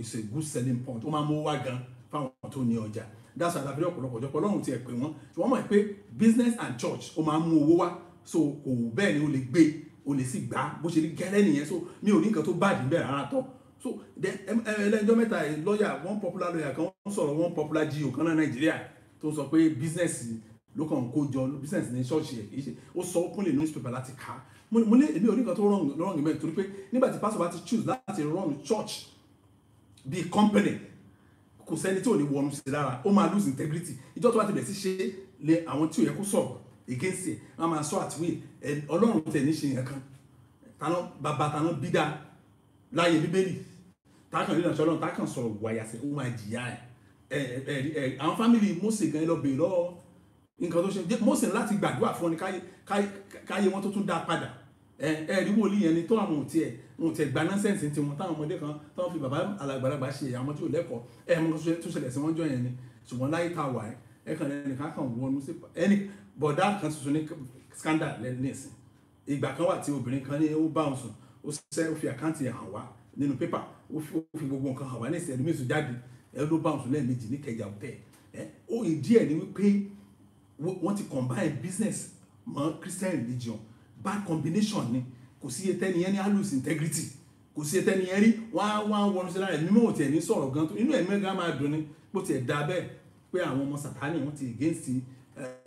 it's a good selling point ó máa mú owó wá gan fáwọn tó ní ọjà that's why àbílẹ̀ ọ̀pọ̀lọpọ̀ ọ̀jọ̀pọ̀ ọlọ́run ti ẹ̀ pé wọ́n tí wọ́n mọ̀ pé business and church ó máa mú owó wá so kò bẹ́ẹ̀ ni ó lè gbé ó lè sì gbá bó ṣe rí gẹ́lẹ́ nìyẹn so mi ò ní nǹkan tó bàjẹ́ bẹ́ẹ̀ rárá tán so then ẹlẹ́jọ́ mẹ́ta lọ́ọ̀yà one popular lawyer kan wọ́n sọ̀rọ̀ one popular geo kan náà nàìjíríà tó sọ pé business ló kàn kó jọ business ní ṣọ́ọ̀ṣì ẹ̀ kì í ṣe ó sọ openly newspaper láti kà á mo ní èmi ò ní nǹkan tó wrong wrong mẹ́rin torí pé nígbà tí pastor bá ti choose láti run church bí company kò sẹ́ni tí ò ní wọnú sí lára ó máa lose integrity ìjọ tó bá ti bẹ̀ sí ṣe lé àwọn tí ò yẹ kó sọ̀rọ̀ against ẹ̀ wọ́n máa sọ àtiwé ọlọ́run tẹ̀ ní ṣe yẹn kan bàbá tàná bídà láàyè bíbélì tákàn yóò lọ́nà tákàn sọ̀rọ̀ wàyà sí ó máa jìyà ẹ̀ ẹ̀ ẹ̀ àwọn fámìlì Mósè gan lọ bèèrè lọ́wọ́ nǹkan tó ṣe Mósè láti gbàdúrà fún ni káyé wọn tó tún dá padà ẹ ẹ rí wòlíì yẹn ni tó àwọn òtí ẹ wọn ti gba nọ́sẹ̀nsì tiwọn táwọn ọmọdé kan táwọn fi bàbá alàgbàlagbà ṣe àwọn tí ò lẹ́kọ̀ọ́ ẹ mọ tó ṣẹlẹ̀ sí wọn jọ yẹn ni ṣùgbọ́n láyé tá a wà ẹ ẹ kàn lẹ́nu ká kàn wọnú sí ẹni bọ̀dá kan tuntun ní scandal lẹ́nu ìsìn ìgbà kan wà tí obìnrin kan ní ó bá òun sùn ó ṣe ó fi àkáǹtì hàn wá nínú pépà ó fi gbogbo nǹkan hàn wá ní ìsẹ̀lú mẹ́sàn jáde ẹ ló bá òṣùlẹ̀ méjì ní kẹjà òtẹ́ ẹ ó yìí díẹ̀ ni wípé wọ́n ti combine business mọ́ christian religion bad combination ni kò sí etẹ́ni yẹn ní alus integrity kò sí etẹ́ni yẹn rí wọ́n á wọ́n á wọnú sí lára ẹ̀ mímọ́ òtí ẹ̀ ní sọ̀rọ̀ gan tó inú ẹ̀ mẹ́ga máa dùn ni bó ti ẹ̀ da bẹ́ẹ̀ pé àwọn ọmọ sàtánì wọ́n ti against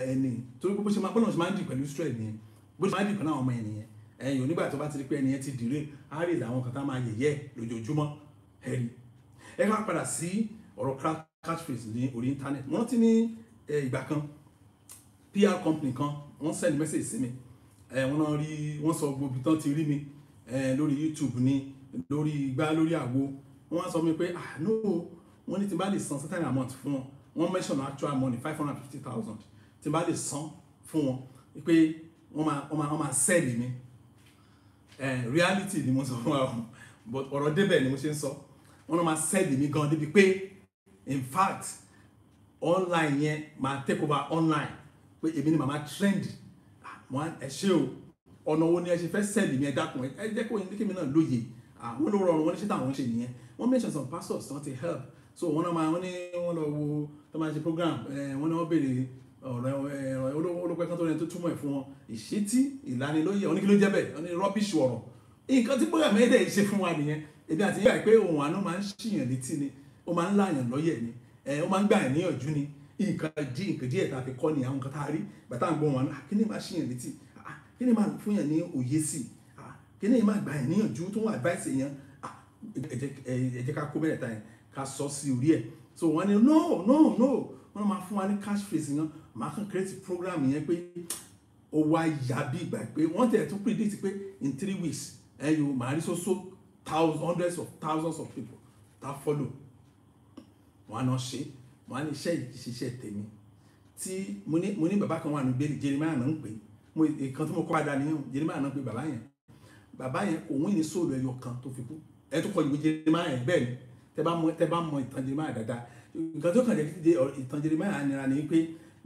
ẹni torí bó ṣe máa bọ́lá ṣe máa ń dì pẹ̀lú Israel nìyẹn bó ṣe máa ń dì pẹ̀lú àwọn ọmọ ẹ̀ nìyẹn ẹ̀yìn onígbà tó bá ti rí pé ẹni yẹn ti dìre á rí àwọn kan tá máa yẹ̀yẹ́ lójoojúmọ́ ẹ̀rí ẹ máa padà sí ọ̀rọ̀ catchphrase ní orí internet wọ́n ti ní ìgbà kan PR company kan wọ́n send message sí mi wọ́n náà rí wọ́n sọ gbogbo ibi tán ti rí mi lórí YouTube ni lórí igbá lórí àwo wọ́n sọ mi pé ah no wọ́n ní tí n bá lè san certain amount fún wọn wọ́n mention actual money five hundred and fifty thousand tí n bá lè san fún wọn pé wọ́n máa wọ́n máa sẹ́ẹ̀lì mi Eh, reality ni mo sọ fún wa o but ọ̀rọ̀ débẹ̀ ni mo ṣe ń sọ wọ́n máa sẹ́ẹ̀dì mi gan débi pé in fact online yẹn máa take over online pé èmi ni màmá trend ah, wọn ẹ ṣe o ọ̀nà wo ni ẹ ṣe fẹ́ sẹ́ẹ̀dì mi ẹ dákun ẹ jẹ́ kó ní kémi náà lóye àwọn ah, olóró ọ̀run wọn ní ṣé táwọn ń ṣe nìyẹn wọ́n mention some pastors tí wọ́n ti help so wọ́n náà máa wọ́n ní wọ́n lọ wo tó máa ṣe program eh, wọ́n náà wọ́n béèrè ọ̀rọ̀ olóko ẹ̀kan tó rẹ̀ tó túmọ̀ ẹ̀ wọn ìṣítí ìlanilóye oníkí bẹ́ẹ̀ oní rọ́bìṣì ọ̀rọ̀ nǹkan tí bóyá mẹ́ẹ̀dẹ̀ ṣe fún wa nìyẹn ebi àti yíyá pé ohun àánú máa ń ṣìyàn létí ni ó máa ń láàyàn lọ́yẹ̀ ni ó máa ń gbà níyànjú ni nǹkan dí nǹkan díẹ̀ tá a fi kọ́ ni àwọn nǹkan tá a rí bàtà ń gbọ́ wọn ah, kí ni máa ṣìyàn létí ah, màá kàn create program yẹn pé ó wá yá bí ìgbà pé wọ́n tẹ̀ tún predict pé in three weeks ẹ yóò máa rí soso thousands hundreds of thousands of people tá follow wọn á náà ṣe wọn á ní iṣẹ́ ìṣiṣẹ́ tèmi tí mo ní mo ní bàbá kan wà ní gbèrè Jeremiah náà ń pè mo ìkan tí mo kọ́ padà nìyẹn Jeremiah náà ń pè bàbá yẹn bàbá yẹn òun ìní sóòlù ẹyọ kan tó fi kú ẹ tó kọ ìwé Jeremiah yẹn bẹ́ẹ̀ ni tẹ bá mọ ìtàn Jeremiah dáadáa nǹkan tó kàn jẹ́ ìtàn Jeremiah nira ni pé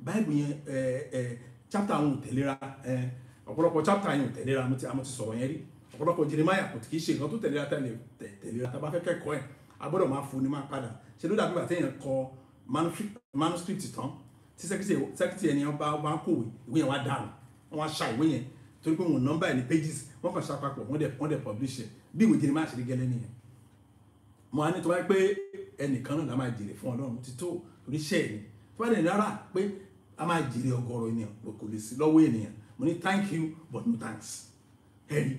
báìbù yẹn chapter àwọn òtẹ̀lera ọ̀pọ̀lọpọ̀ chapter yẹn òtẹ̀lera mo ti àmọ́ ti sọ̀rọ̀ yẹn rí ọ̀pọ̀lọpọ̀ Jeremiah kò kì í ṣe nǹkan tó tẹ̀lera tẹ̀lera tá a bá fẹ́ kẹ́kọ̀ọ́ ẹ̀ a gbọ́dọ̀ máa fún ni máa padà ṣe ló dàbí bàtẹ́ yẹn kọ manuscript tán tí sẹ́kítì ẹni bá bá ń kòwé ìwé yẹn wá dànù wọ́n á ṣa ìwé yẹn torí pé wọn nọ́mbà ẹ̀ ní pages wọ́n kàn ṣàpapọ̀ wọ́n dẹ̀ wọ́n dẹ̀ publish ẹ̀ bí ìwé Jeremiah ṣe rí gẹ́lẹ́ nìyẹn mo á ní tó bá yẹ pé ẹnìkan náà la máa jèrè fún Ọlọ́run ti tó oríṣẹ́ ẹ̀ ni tó bá dẹ̀ rárá pé a máa jèrè ọ̀gọ̀rọ̀ ènìyàn pé kò lè sí lọ́wọ́ ènìyàn mo ní thank you but no thanks ẹ̀rí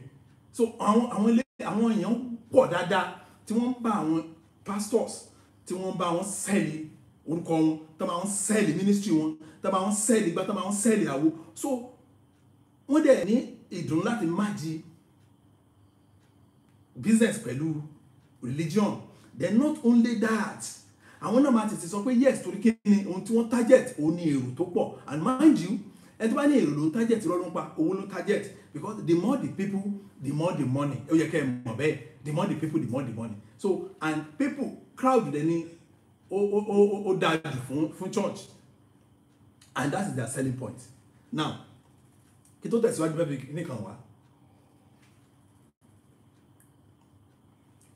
so àwọn àwọn ilé àwọn èèyàn pọ̀ dáadáa tí wọ́n ń bá àwọn pastors tí wọ́n ń bá wọn sẹ́ẹ̀lì orúkọ wọn tó máa ń ministry wọn tó máa ń sẹ́ẹ̀lì gbá tó máa ń àwo so wọ́n dẹ̀ ní ìdùnnú láti máàjì business pẹ̀lú religion then not only that àwọn náà máa tètè sọ pé yes torí kí ni ohun tí wọ́n target òun ni èrò tó pọ̀ and mind you ẹ tó bá ní èrò ló target lọ́dún pa owó ló ń target because the more the people the more the money ó yẹ kẹ́ ẹ mọ̀ bẹ́ẹ̀ the more the people the more the money so and people crowd dẹ̀ ni ó ó ó ó dájú fún fún church and that is their selling point now kí tó tẹ̀síwájú bẹ́ẹ̀ bí nìkan wá.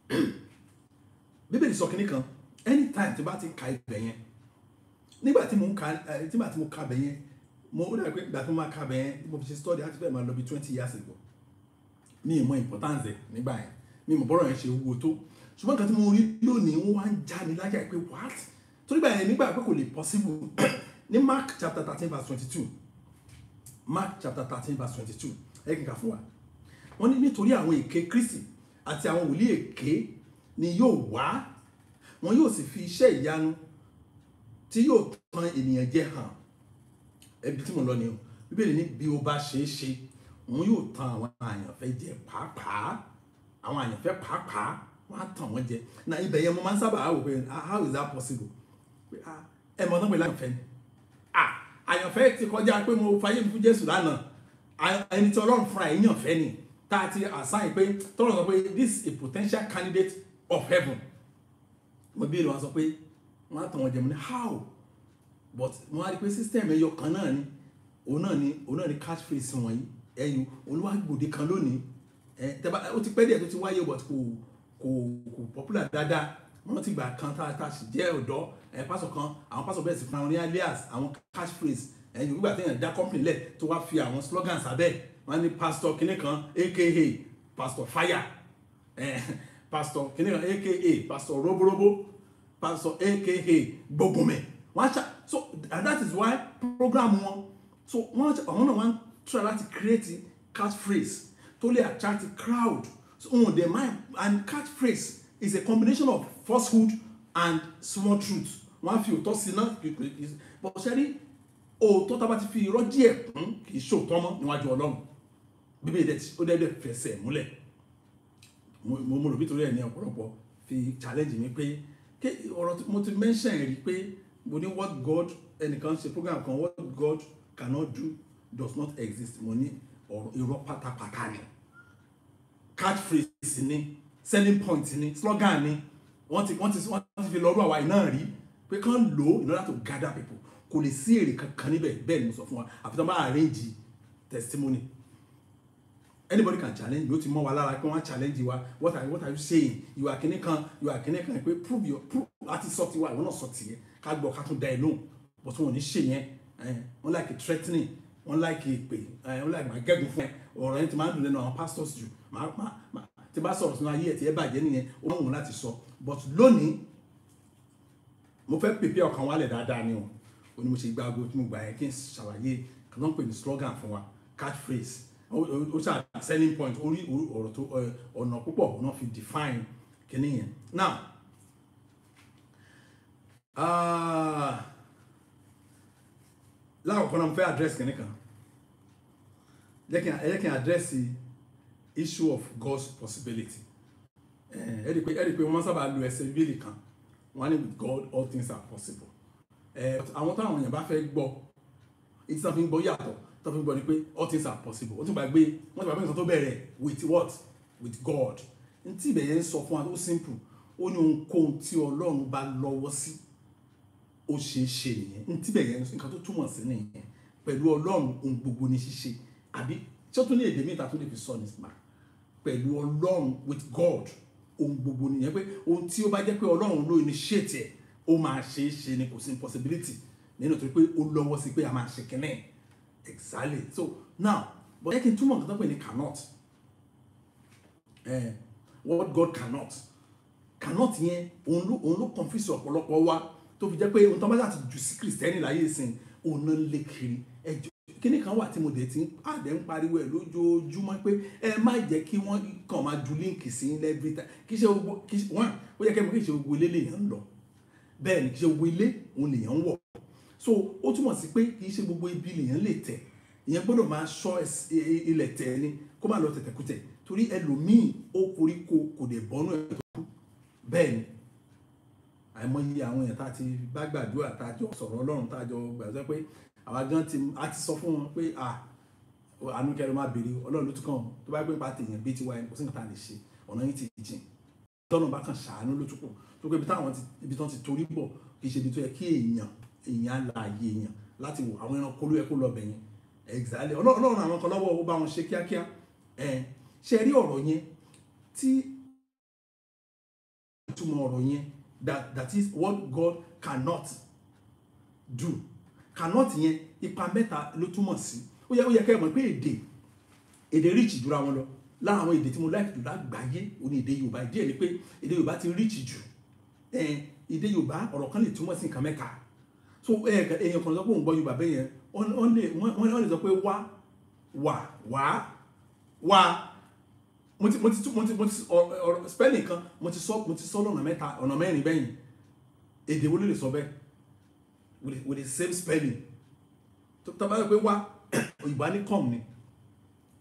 [coughs] bíbélì sọ kínní kan anytime tí bá ti ka ibẹ̀ yẹn nígbà tí mo ka nígbà tí mo ka ibẹ̀ yẹn mo ó dàgbé ìgbà tí mo máa ka ibẹ̀ yẹn mo fi ṣe study láti fẹ́ máa lọ bí twenty years ago ní ìmọ̀ importance ẹ̀ nígbà yẹn ní ìmọ̀ bọ́rọ̀ yẹn ṣe wúwo tó ṣùgbọ́n nǹkan tí mo rí lónìí wọ́n wá ń já mi láyà pé what torí gbà yẹn nígbà pé kò lè possible [coughs] ní Mark chapter thirteen verse twenty-two Mark chapter thirteen verse twenty-two ẹ kìkà fún wa wọ́n ní nítorí àwọn èké Kristi àti àwọn wòlíì èké ni yóò wá wọn yóò sì fi iṣẹ́ ìyanu tí yóò tan ènìyàn jẹ hàn ẹbí tí mo lọ ni o bíbélì ní bí o bá ṣe é ṣe wọn yóò tan àwọn àyànfẹ́ jẹ pàápàá àwọn àyànfẹ́ pàápàá wọn á tàn wọn jẹ na ibẹ̀ yẹn mo máa ń sábà wò pé ah, how is that possible ah, ẹ mọ náà pé láyànfẹ́ ni ah, àyànfẹ́ ti kọjá pé mo fayé fún Jésù lánàá ẹni tí Ọlọ́run fúnra ẹ̀ yànfẹ́ ni tá a ti assign pé tọ́lọ̀ sọ pé this is a potential candidate of heaven mo béèrè wọn sọ pé wọn á tàn wọn jẹ ní how but wọn á rí pé system ẹyọ kan náà ni òun náà ni òun náà ni catchphrase wọ̀nyí ẹ̀yin olúwàgbòde kan lónìí ẹ tẹ́bá ó ti pẹ́ díẹ̀ tó ti wáyé but kò kò kò popular dáadáa wọ́n ti gbà kan tá a sì jẹ́ ọ̀dọ́ ẹ pásọ̀ kan àwọn pásọ̀ bẹ́ẹ̀ sì fún àwọn ní alias àwọn catchphrase ẹ̀yin nígbà téèyàn dá company lẹ̀ tó wá fi àwọn slogans abẹ́ wọn ní pastor kinní kan aka pastor fire pastor kìnìún aka pastor roborobo pastor aka gbogbomẹ wọn ṣá so and that is why program wọn so wọn ṣá àwọn náà wọn try láti create catchphrase to lè attract crowd so wọn dey mind and catchphrase is a combination of falsehood and small truth wọn fi òótọ́ sí náà but ṣẹ́rí òótọ́ tá a bá ti fi irọ́ díẹ̀ kún kì í ṣòótọ́ mọ́ níwájú ọlọ́run bíbélì ó dẹ́ fẹsẹ̀ múlẹ̀ mo mo rò nítorí ẹ̀ ní ọ̀pọ̀lọpọ̀ fi challenge mi pé ké ọ̀rọ̀ tí mo ti mention rí pé mo ní what God ẹnìkan ṣe program kan what God cannot do does not exist mo ní ọ̀rọ̀ irọ́ pátápátá ni catchphrase ni selling point ni slogan ni wọ́n ti wọ́n ti wọ́n ti fi lọ́rú àwa náà rí pé kàn lò in order to gather people kò lè sí èrè kankan níbẹ̀ bẹ́ẹ̀ ni mo sọ fún wa àfi tí wọ́n bá arrange testimony anybody can challenge yóò ti mọ́ wa lára pé wọ́n challenge wa what are, what are you saying you are kìnnì kan you are kìnnì kan pé prove your prove láti sọ tiwa ìwọ náà sọ tiẹ̀ ká gbọ́ ká tún da ẹ̀ lóhùn but wọn ò ní ṣe yẹn wọn like threatening wọn like ìpè wọn like máa gẹ́gùn fún ẹ ọ̀rọ̀ yẹn ti máa ń dùn lẹ́nu àwọn pastors jù tí bá sọ̀rọ̀ sínú ayé ẹ̀ tí ẹ bàjẹ́ nìyẹn ó máa ń wù láti sọ but lónìí mo fẹ́ pèpè ọkàn wa lẹ̀ dáadáa ni o ò ní mo ṣe gbá aago tí mo gbà yẹn kí n ṣàlàyé kí wọ́n pè ní slogan fún wa catchphrase ó ṣáà selling point orí ọ̀rọ̀ to ọ̀nà púpọ̀ náà fi define kìíní yẹn now ah, lákòókò náà mo fẹ́ address kìíní kan ẹ jẹ́ kí n address issue of God's possibility ẹ rí i pé ẹ rí i pé wọ́n sábà lo ẹsẹ̀ bíbélì kan wọ́n á with God all things are possible àwọn táwọn èèyàn bá fẹ́ gbọ́ ìtìsàn fi ń gbọ́ yàtọ̀ tó fi gbọ́ ni pé all things are possible ó ti gbàgbé wọ́n ti gbàgbé nǹkan tó bẹ̀rẹ̀ with what with God n tí ìbẹ̀yẹ ń sọ fún wa ó simple ó ní ohunkóhun tí Ọlọ́run bá lọ́wọ́ sí ó ṣe é ṣe nìyẹn n tí ìbẹ̀yẹ nǹkan tó túmọ̀ sí nìyẹn pẹ̀lú Ọlọ́run ohun gbogbo ni ṣíṣe àbí tí ó tún ní èdè míì tàbí tó lè fi sọ ní sinmi pẹ̀lú Ọlọ́run with God ohun gbogbo nìyẹn pé ohun tí ó bá jẹ́ pé ọlọ́run ló initiate ẹ̀ ó máa ṣe é ṣe ni kò sí possibility nínú tó pé ó lọ́wọ́ sí pé a máa ṣe kínní exactly so now but jẹ́ kí n túmọ̀ nǹkan cannot eh, what God cannot cannot yẹn òun ló òun ló confuse ọ̀pọ̀lọpọ̀ wa tó fi jẹ́ pé ohun tó bá láti jù sí kìrìsìtẹ́nì láyé ìsìn òun náà lè kiri ẹjọ́ kíní kan wà tí mo dẹ̀ ti ń àdẹ̀ ń pariwo ẹ̀ lójoojúmọ́ pé ẹ má jẹ́ kí wọ́n kàn máa ju líǹkì sí lẹ́bí ta kí ṣe gbogbo wọ́n ó yẹ kẹ́mi kí ṣe gbogbo ilé lèèyàn ń lọ bẹ́ẹ̀ ni kí ṣe gbogbo ilé òun lèèyàn ń wọ̀ so ó túmọ̀ sí pé kì í ṣe gbogbo ibi lèèyàn lè tẹ̀ ìyẹn gbọ́dọ̀ máa ṣọ́ e, e, ilẹ̀ tẹ̀ ni kó má lọ tẹ̀tẹ̀kùtẹ̀ torí ẹlòmíì ó koríko kò dẹ̀ bọ́nú ẹ̀ tó kú bẹ́ẹ̀ ni àìmọye àwọn èèyàn tá a ti bá gbàdúrà tá a jọ sọ̀rọ̀ ọlọ́run tá a jọ gbàdúrà pé àwa gan ti a ti sọ fún wọn pé à àánú kẹrẹ máa béèrè ọlọ́run ló tún kàn tó bá gbé pa tèèyàn bí tiwa ẹni kò sí nǹkan tá a lè ṣe ọ̀nà yìí ti jìn tọ́nà bá kàn ṣàánú ló tún kù tó pé ibi táwọn ti torí bọ̀ kì í ṣe ibi tó yẹ kí èèyàn èèyàn la èèyàn láti wò àwọn ẹranko ló yẹ kó lọ bẹ̀yẹn exactly ọlọ́run àwọn kan lọ́wọ́ ó bá wọn ṣe kíákíá ṣe rí ọ̀rọ̀ yẹn tí ìtumọ̀ ọ̀rọ̀ yẹn that that is what God cannot do cannot yẹn ipa mẹ́ta ló túmọ̀ sí ó yẹ ó yẹ kẹ́ ẹ mọ̀ pé èdè èdè ríìchì jura wọn lọ lára àwọn èdè tí mo láìpẹ́ jù lágbàáyé ó ní èdè yorùbá ìdí ẹ̀ ni pé èdè yorùbá ti ríìchì jù èdè yorùbá ọ̀rọ̀ kan lè túmọ̀ sí nǹkan mẹ́ka so eh, èèyàn kan sọ pé òun gbọ́ yorùbá bẹ́ẹ̀ yẹn wọ́n lè sọ pé wá wà wá wá mo ti mo ti mo ti mo ti ọ̀rọ̀ spelling kan mo ti sọ mo ti sọ lọ́nà mẹ́ta ọ̀nà mẹ́rin bẹ́yìn èdè wo ló lè sọ bẹ́ẹ̀ with the with the same spelling tó bá yẹ pé wá [coughs] yorùbá ní com ni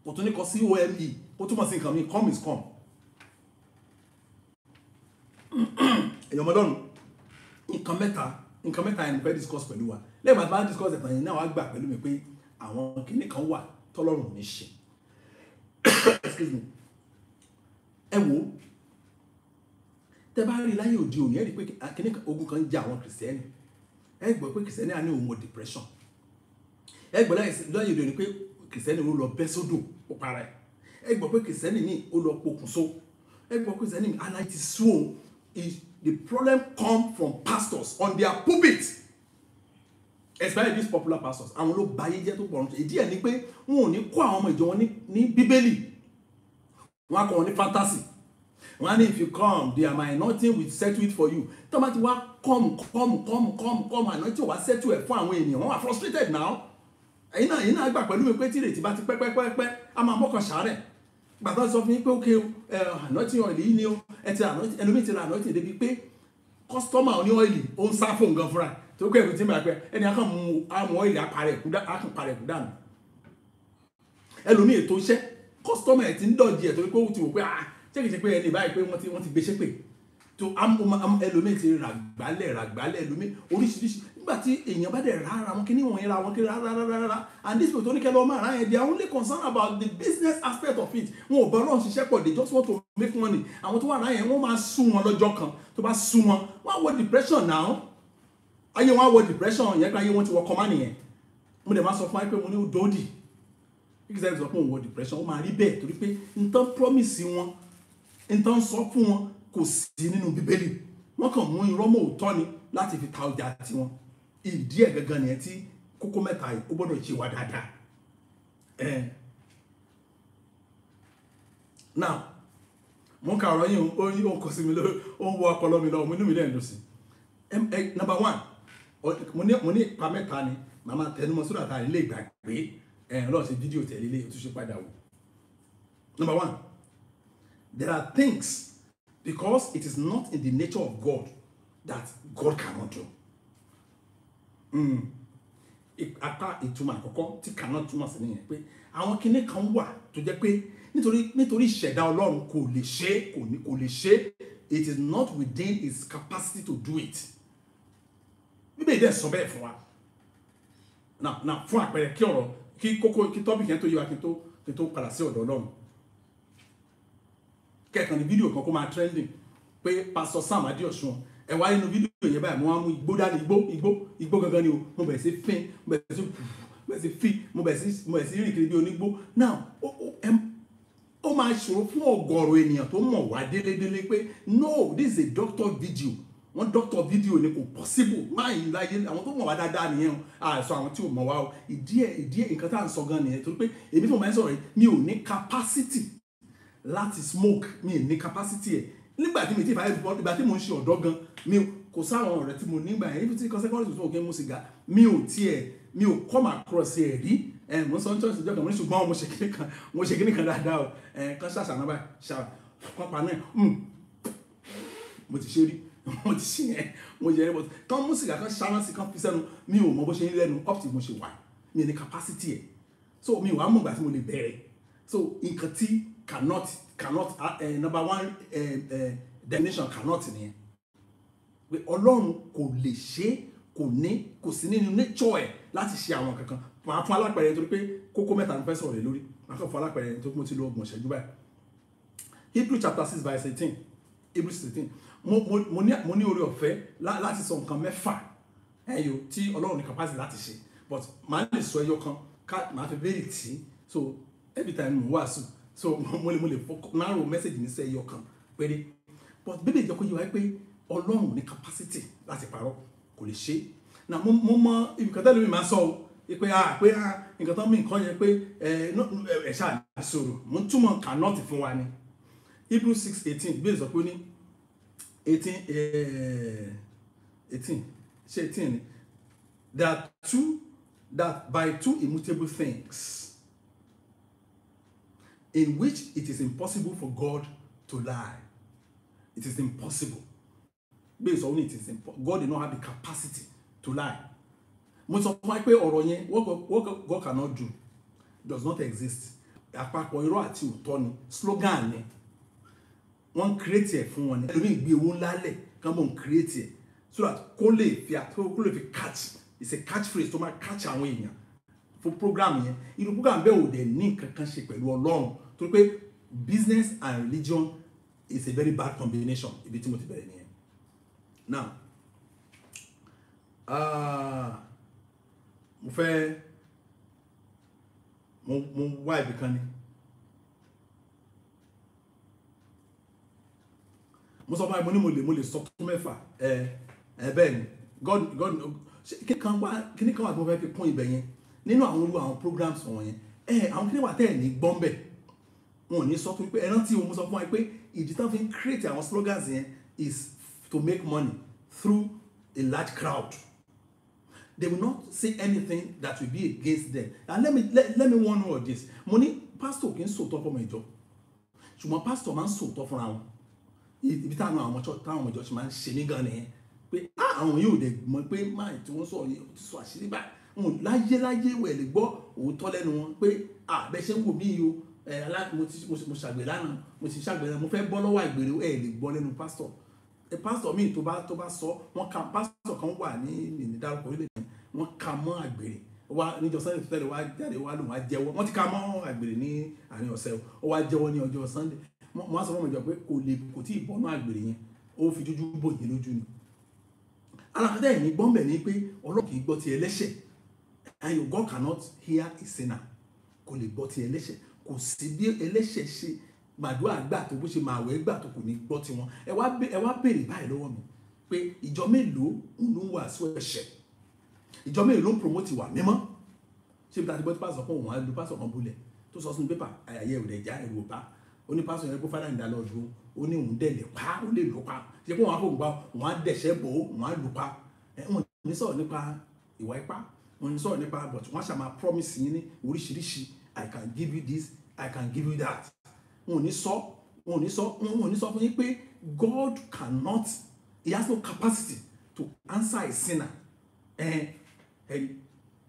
kò tún ní kọ sí ome kó túmọ̀ sí nǹkan mi com is com èèyàn [coughs] ọmọdọ́nù nǹkan mẹ́ta nǹkan mẹ́ta yẹn fẹ́ discuss pẹ̀lú wa lẹ́yìn màtí máa discuss ẹ̀tàn yẹn náà wàá gbà pẹ̀lú mi pé àwọn kinní kan wà tọ́lọ́run mi ṣe [coughs] excuse me ẹ wo tẹ bá rí láyé òde òní ẹ rí pé kinní ogun kan ja àwọn kìrìsìtẹ́nì ẹ gbọ́ pé kìrìsìtẹ́nì á ní òun mọ depression ẹ gbọ́ láyé òde òní pé kìrìsìtẹ́nì ó lọ bẹ́ sódò ó para ẹ̀ ẹ gbọ́ pé kìrìsìtẹ́nì míì ó lọ pokùnso ẹ gbọ́ pé kìrìsìtẹ́nì aláìtì sú the problem come from pastors on their pulpit especially these popular pastors àwọn ló ba ayé jẹ́ tó pọ̀ nítorí ìdí ẹ̀ ni pé wọn ò ní kó àwọn ọmọ ìjọ wọn ní bíbélì wọn á wọn ní fantasy wọn ní if you come they are my anointing will settle it for you tó bá come come come come come anointing wá settle ẹ̀ fún àwọn ènìyàn wọn wà frustrated now ẹ̀yin náà ẹ̀yin náà gbà pẹ̀lú mi pé tí ìrètí bá ti pẹ́pẹ́pẹ́pẹ́ á máa mọ́kàn ṣàárẹ̀ gbàtà sọ fún yín pé ókè ẹ ànátì yìí ni ó ẹ ti ànátì ẹlòmíì ti ra ànátì débi pé kọ́sítọ́mà oní ọ̀ìlì ó ń sá fún nǹkan fúnra tó kọ́ ẹ̀kú tí mo rà ẹni akàn mú àmọ́ ọ̀ìlì akàn parẹ̀ kú dànù ẹlòmíì ètò iṣẹ́ kọ́sítọ́mà ẹ̀ ti ń dọ̀jì ẹ̀ torí pé ó ti wò pé ah ṣéèkìṣe pé ẹni báyìí pé wọ́n ti wọ́n ti tó ẹlòmíì ti ràgbálẹ̀ ràgbálẹ̀ ẹlòmíì oríṣiríṣi nígbà tí èèyàn bá dẹ̀ rárá wọn kíní wọ̀nyí ra wọn kiri rárá and this people tó ní kẹlẹ́ ọmọ àrà yẹn they are only concerned about the business aspect of it wọn ò bá náà ṣiṣẹ́ pọ̀ they just want to make money àwọn tó wà náà yẹn wọ́n máa sún wọn lọ́jọ́ kan tó bá sún wọn wọ́n á wọ depression now ayé wọn á wọ depression yẹn kí ayé wọn ti wọ kọ́má nìyẹn mo dẹ̀ máa sọ fún wa pé mo ní dòdì exam sọ pé òun wọ depression ó máa rí bẹ́ẹ̀ torí pé n tán promise wọn n tán sọ fún wọn kò sí nínú bíbélì wọn kàn mú irọ́ mọ́ òótọ́ ni láti fi ta ọjà tiwọn ìdí ẹ̀ gangan nìyẹn tí kókó mẹ́ta yìí ó gbọ́dọ̀ ṣe wá dáadáa ẹ̀ now mo ń ka ọ̀rọ̀ yìí ó ń kọ sí mi lórí ń wọ ọpọlọ mi lọ mo inú mi lẹ́yìn lọ sí number one mo ní mo ní ipa mẹ́ta ni màmá tẹnumọ́ sódà tá a lè ẹ̀ lọ́ọ̀ ṣe fídíò tẹ̀lé lé ètò padà wò number one there are things because it is not in the nature of God that God cannot do. Mm. apá ìtumọ̀ àkọ́kọ́ tí kànáà túmọ̀ sí nìyẹn pé àwọn kinní kan wà tó jẹ́ pé nítorí nítorí ìṣẹ̀dá ọlọ́run kò lè ṣe kò ní kò lè ṣe it is not within his capacity to do it bíbélì dẹ̀ sọ bẹ́ẹ̀ fún wa na na fún àpẹẹrẹ kí ọ̀rọ̀ kí kókó kí tọ́pìkì yẹn tó yé wa kí n tó kí n tó padà sí ọ̀dọ̀ ọlọ́run kẹ́ẹ̀kan ní fídíò kan kó máa trending pé pastor Sam Adéọ̀sùn ẹ wá nínú fídíò yẹn báyìí mo wá mú igbó dání igbó igbó igbó gangan ni o mo bẹ̀rẹ̀ sí fín mo bẹ̀rẹ̀ sí mo bẹ̀rẹ̀ sí fi mo bẹ̀rẹ̀ sí mo bẹ̀rẹ̀ sí rìn kiri bí onígbó now ó máa ṣòro fún ọ̀gọ̀rọ̀ ènìyàn tó mọ̀ wá délédélé pé no this is a doctor video wọ́n doctor video, ni kò pọ́síbù máàyí láyé àwọn tó mọ̀ wá dáadáa nìyẹn o àìsọ àwọn tí ò mọ̀ wá o ìdí ẹ̀ ìdí ẹ̀ nǹkan tá à ń sọ gan nìyẹn torí pé èmi fún mi sọ̀rọ̀ yìí mi ò ní capacity láti smoke mi ò ní capacity ẹ̀ nígbà tí mi ti fàyè fún ìgbà tí mo ń ṣe ọ̀dọ́ gan mi kò sáwọn ọ̀rẹ́ tí mo nígbà yẹn ibi tí kan secondary school òkè mu sìgá mi ò tiẹ̀ mi ò come across ẹ̀ rí ẹ̀ mo sọ ní church ìjọba mo ní ṣùgbọ́n mo ṣe kíní kan mo ṣe kíní kan dáadáa o ẹ̀ kan ṣàṣà náà báyìí ṣà kan pa náà hmm. mo ti ṣe rí [laughs] mo ti ṣe yẹn mo yẹ ẹ bọ tán mú sìgá kan ṣáná sí kan fi sẹ́nu mi ò mọ bó ṣe ń lẹ́nu up till mo ṣe wà mi ní capacity ẹ̀ so mi wàá mọ̀ gbà tí mo lè bẹ̀rẹ̀ so nǹkan tí cannot cannot uh, uh, number one uh, uh, definition cannot nìyẹn pé ọlọ́run kò lè ṣe kò ní kò sí nínú nature ẹ̀ láti ṣe àwọn kankan màá fún alápẹ̀rẹ̀ nítorí pé kókó mẹ́ta ń fẹ́ sọ̀rọ̀ lórí màá kàn fún alápẹ̀rẹ̀ nítorí pé mo ti lo ọgbọ̀n ìṣẹ́jú báyìí hebrew chapter six verse eighteen hebrew six eighteen mo ní oore ọ̀fẹ́ láti sọ nǹkan mẹ́fà ẹ̀yọ tí ọlọ́run ní capacity láti ṣe but màá lè sọ ẹyọ kan màá fi béèrè tì so every time mo wàásù so [laughs] mo lè mo lè narrow message mi sẹ́yọ kan péré but bíbélì jẹ́ kó yé wa pé ọlọ́run ní capacity láti parọ́ kò lè ṣe é na mo mo mọ ibìkan tẹ́lẹ̀ mi máa sọ o pé a ah, pé a ah, nǹkan tó ń mi nǹkan yẹn pé ẹ ṣáà ìṣòro mo ń túmọ̀ cannot fún wa ni Hebrew six eighteen bíbélì sọ pé ó ní eighteen eighteen ṣe eighteen ni there are two that by two immutable things in which it is impossible for God to lie. It is impossible. Based on it is God did not have the capacity to lie. Mo sọ fún wa pé what God cannot do does not exist. Àpapọ̀ irọ́ àti òótọ́ Tony slogan one creative create ẹ̀ fún wọn ni ẹlòmíì gbé owó ńlá lẹ̀ so that kó if you catch it's a catchphrase to my catch and win. For programming, yẹn irú program bẹ́ẹ̀ the dẹ̀ ní shake. It ṣe pẹ̀lú Ọlọ́run torí pé business and religion is a very bad combination ibi tí mo ti bẹ̀rẹ̀ nìyẹn now ah, mo fẹ́ mo mo wá ibì kan ni mo sọ báyìí mo ní mo lè mo lè sọ tó mẹ́fà ẹ ẹ bẹ́ẹ̀ ni god god kíni kan wá kíni kan wà tí mo fẹ́ fi kún ibẹ̀ yẹn nínú àwọn olú àwọn programs wọ̀nyẹn ẹ àwọn kíni wà tẹ́ ẹ̀ ní gbọ́n bẹ́ẹ̀ wọn ò ní sọ fún pé ẹ rántí òun sọ fún ẹ pé ìdí tán fi ń create àwọn slogans yẹn is to make money through a large crowd they will not say anything that will be against them and let me let, let me warn you of this mo ní pastor kì í sòótọ́ fọmọ ìjọ ṣùgbọ́n pastor máa ń sòótọ́ fúnra wọn ibi táwọn àwọn ọmọ táwọn ọmọ ìjọ ṣe máa ń ṣe mí gan nìyẹn pé ah, àwọn yóò dẹ̀ mọ̀ pé máa tí wọ́n sọ yìí ti sọ àṣírí báyìí láyé láyé wẹ̀ lè gbọ́ òótọ́ lẹ́nu wọn pé àbẹ̀ṣẹ́ ah, wò mí yìí o mo ṣàgbẹ̀ lánàá mo ti ṣàgbẹ̀ lánàá mo fẹ́ bọ́ lọ́wọ́ àgbèrè ẹ̀ lè gbọ́ lẹ́nu pásítọ̀ pásítọ̀ míì tó bá tó bá sọ wọ́n ka pásítọ̀ kan wà ní ìní dárúkọ orílẹ̀ èdè wọ́n ka mọ́ àgbèrè wa níjọ sunday tó tẹ̀lé wa jáde wa lòun á jẹ́wọ́ wọ́n ti ka mọ́ àgbèrè ní àárín ọ̀sẹ̀ ó wá jẹ́wọ́ ní ọjọ́ sunday wọ́n á sọ fún mi jọ pé kò lè kò tí ì bọ́nú àgbèrè yẹn ó fi dúdú bòye lójú ni alakata yìí ní gbọ́nbẹ̀ ni pé ọlọ́run kì í gbọ́ ti ẹlẹ́ṣẹ̀ and your God cannot hear a sinner kò lè gbọ́ ti ẹlẹ́ṣẹ̀ kò sí bí ẹlẹ́ṣẹ̀ ṣe màdúrà gbà tó bó ṣe máa wẹ̀ gbà tó kò ní gbọ́ tiwọn ẹ wá béèrè báyìí lọ́wọ́ mi pé ìjọ mélòó ń lò ń wàásù ẹ̀ṣẹ̀ ìjọ mélòó ń promote ìwà mímọ́ ṣé ibi tá a ti gbọ́ tí pásọ̀ kan òun á lu pásọ̀ kan búlẹ̀ tó sọ sínú pépà àyàyẹ ìrẹ̀ ìjà ẹ̀rù ọ̀bá ó ní pásọ̀ yẹn kó fádà ń dalọ́ dúró ó ní òun dẹ̀ lè pa ó lè lò pa ṣe pé òun á fòun pa òun á dẹ̀ṣẹ̀ bò ó òun á lù pa wọn ní sọ̀rọ̀ nípa ìwà ipá wọn ní sọ̀rọ̀ nípa but wọ́n á ṣàmà promise yín ní i can give you this i can give you that wọn ò ní sọ wọn ò ní sọ wọn ò ní sọ fún yín pé god cannot he has no capacity to answer a sinner ẹ ẹ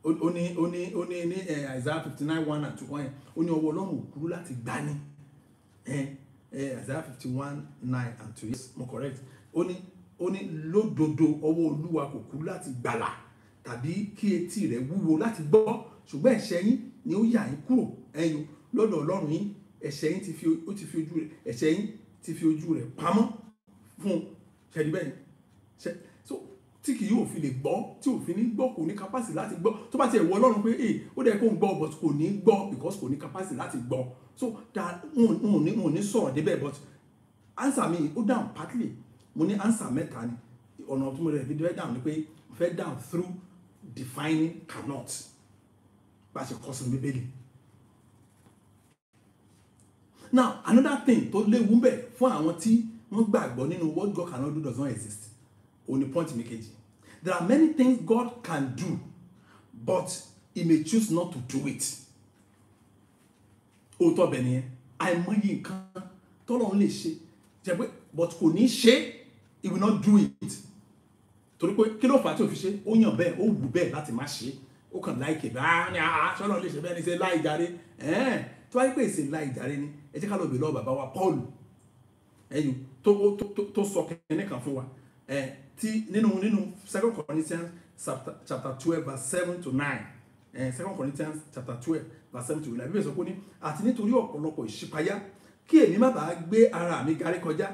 ó ní ó ní ó ní ní isaiah fifty nine one and two one ó ní ọwọ́ ọlọ́run ò láti gbani ẹ isaiah fifty one nine and two yes mo correct ó ní ó ní lódodo ọwọ́ olúwa kò kúrú láti gbàlà tàbí kí etí rẹ̀ wúwo láti gbọ́ ṣùgbọ́n ẹ̀ṣẹ̀ yín ni ó yà yín kúrò ẹ̀yin lọ́dọ̀ ọlọ́run yín ẹ̀ṣẹ̀ yín ti fi ojú rẹ̀ ẹ̀ṣẹ̀ yín ti fi ojú rẹ̀ pamọ́ fún ṣẹ̀dí bẹ́ẹ̀ ṣe so tí kì yóò fi lè gbọ́ tí ò fi ní gbọ́ kò ní capacity láti gbọ́ tó bá ti ẹ̀wọ́ ọlọ́run pé ee ó dẹ̀ kó ń gbọ́ but kò ní gbọ́ because kò ní capacity láti gbọ́ so da n ò ní n ò ní sọ̀rọ̀ débẹ̀ but answer mi ó dáhùn partly mo ní answer mẹ́ta ni ọ̀nà tí mo rẹ̀ fi dẹ́ dáhùn ni pé fẹ́ dáhùn through defining cannot bá ṣe kọ́ sínú bíbélì now another thing tó léwu ń bẹ̀ fún àwọn tí wọ́n gbàgbọ́ nínú what God cannot do does not exist òun ni point mi kejì there are many things God can do but he may choose not to do it òótọ́ bẹ̀ nìyẹn àìmọye nǹkan tọ́lọ́run lè ṣe jẹ́ pé but kò ní ṣe he will not do it torí pé kí ló fà á tí ò fi ṣe ó yàn bẹ́ẹ̀ ó wù bẹ́ẹ̀ láti má ṣe é ó kàn láìkè bá ní sọ́nà ah, ah, lè ṣe bẹ́ẹ̀ ní ṣe láì jáde tó wáyé pé ìṣe láì jáde ni ẹ jẹ́ ká lọ bèèrè lọ́wọ́ bàbá wa Paul ẹ̀yìn tó sọ kẹ́ni kan fún wa tí nínú nínú second Corinthians chapter twelve verse seven to nine second Corinthians chapter twelve verse seven to nine bíbélì sọ pé ní àti nítorí ọ̀pọ̀lọpọ̀ ìṣípayá kí èmi má bàa gbé ara mi garí kọjá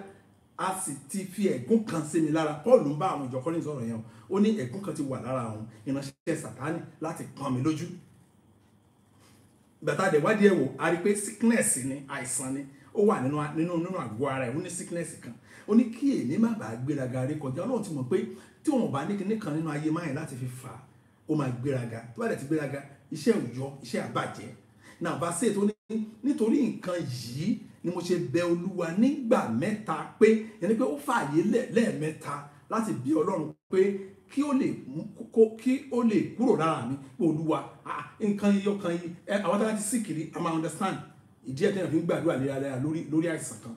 a sì ti fi ẹ̀gún kan sí mi lára paul ń bá àwọn ìjọ kọ́rin sọ̀rọ̀ yẹn ó ní ẹ̀gún kan ti wà lára àwọn ìránṣẹ́ sàtáni láti pọ́n mi lójú bàtà àdẹ̀wádìí ẹ̀wò a rí i pé sickness ni àìsàn ni ó wà nínú nínú nínú àgọ́ ara ẹ̀ ó ní sickness kan ó ní kí èmi má bàa gbéraga rí kọjá ọlọ́run ti mọ̀ pé tí wọn ò bá ní kinní kan nínú ayé máyìn láti fi fà á ó máa gbéraga tó bá dẹ̀ ti gbéraga iṣẹ́ òòjọ́ iṣẹ́ àbàjẹ́ náà bá ṣe ètò ní nítorí nǹkan yìí ni mo ṣe bẹ olúwa nígbà mẹ́ta pé ẹni pé ó fààyè lẹ́ẹ̀mẹ́ta láti bí ọlọ́run pé kí ó lè kí ó lè kúrò lára mi pé olúwa nǹkan yìí ọkàn yìí àwọn tí wọ́n ti sì kiri a máa understand ìdí ẹ̀ tẹ́yàn fi ń gbàdúrà léraléra lórí àìsàn kan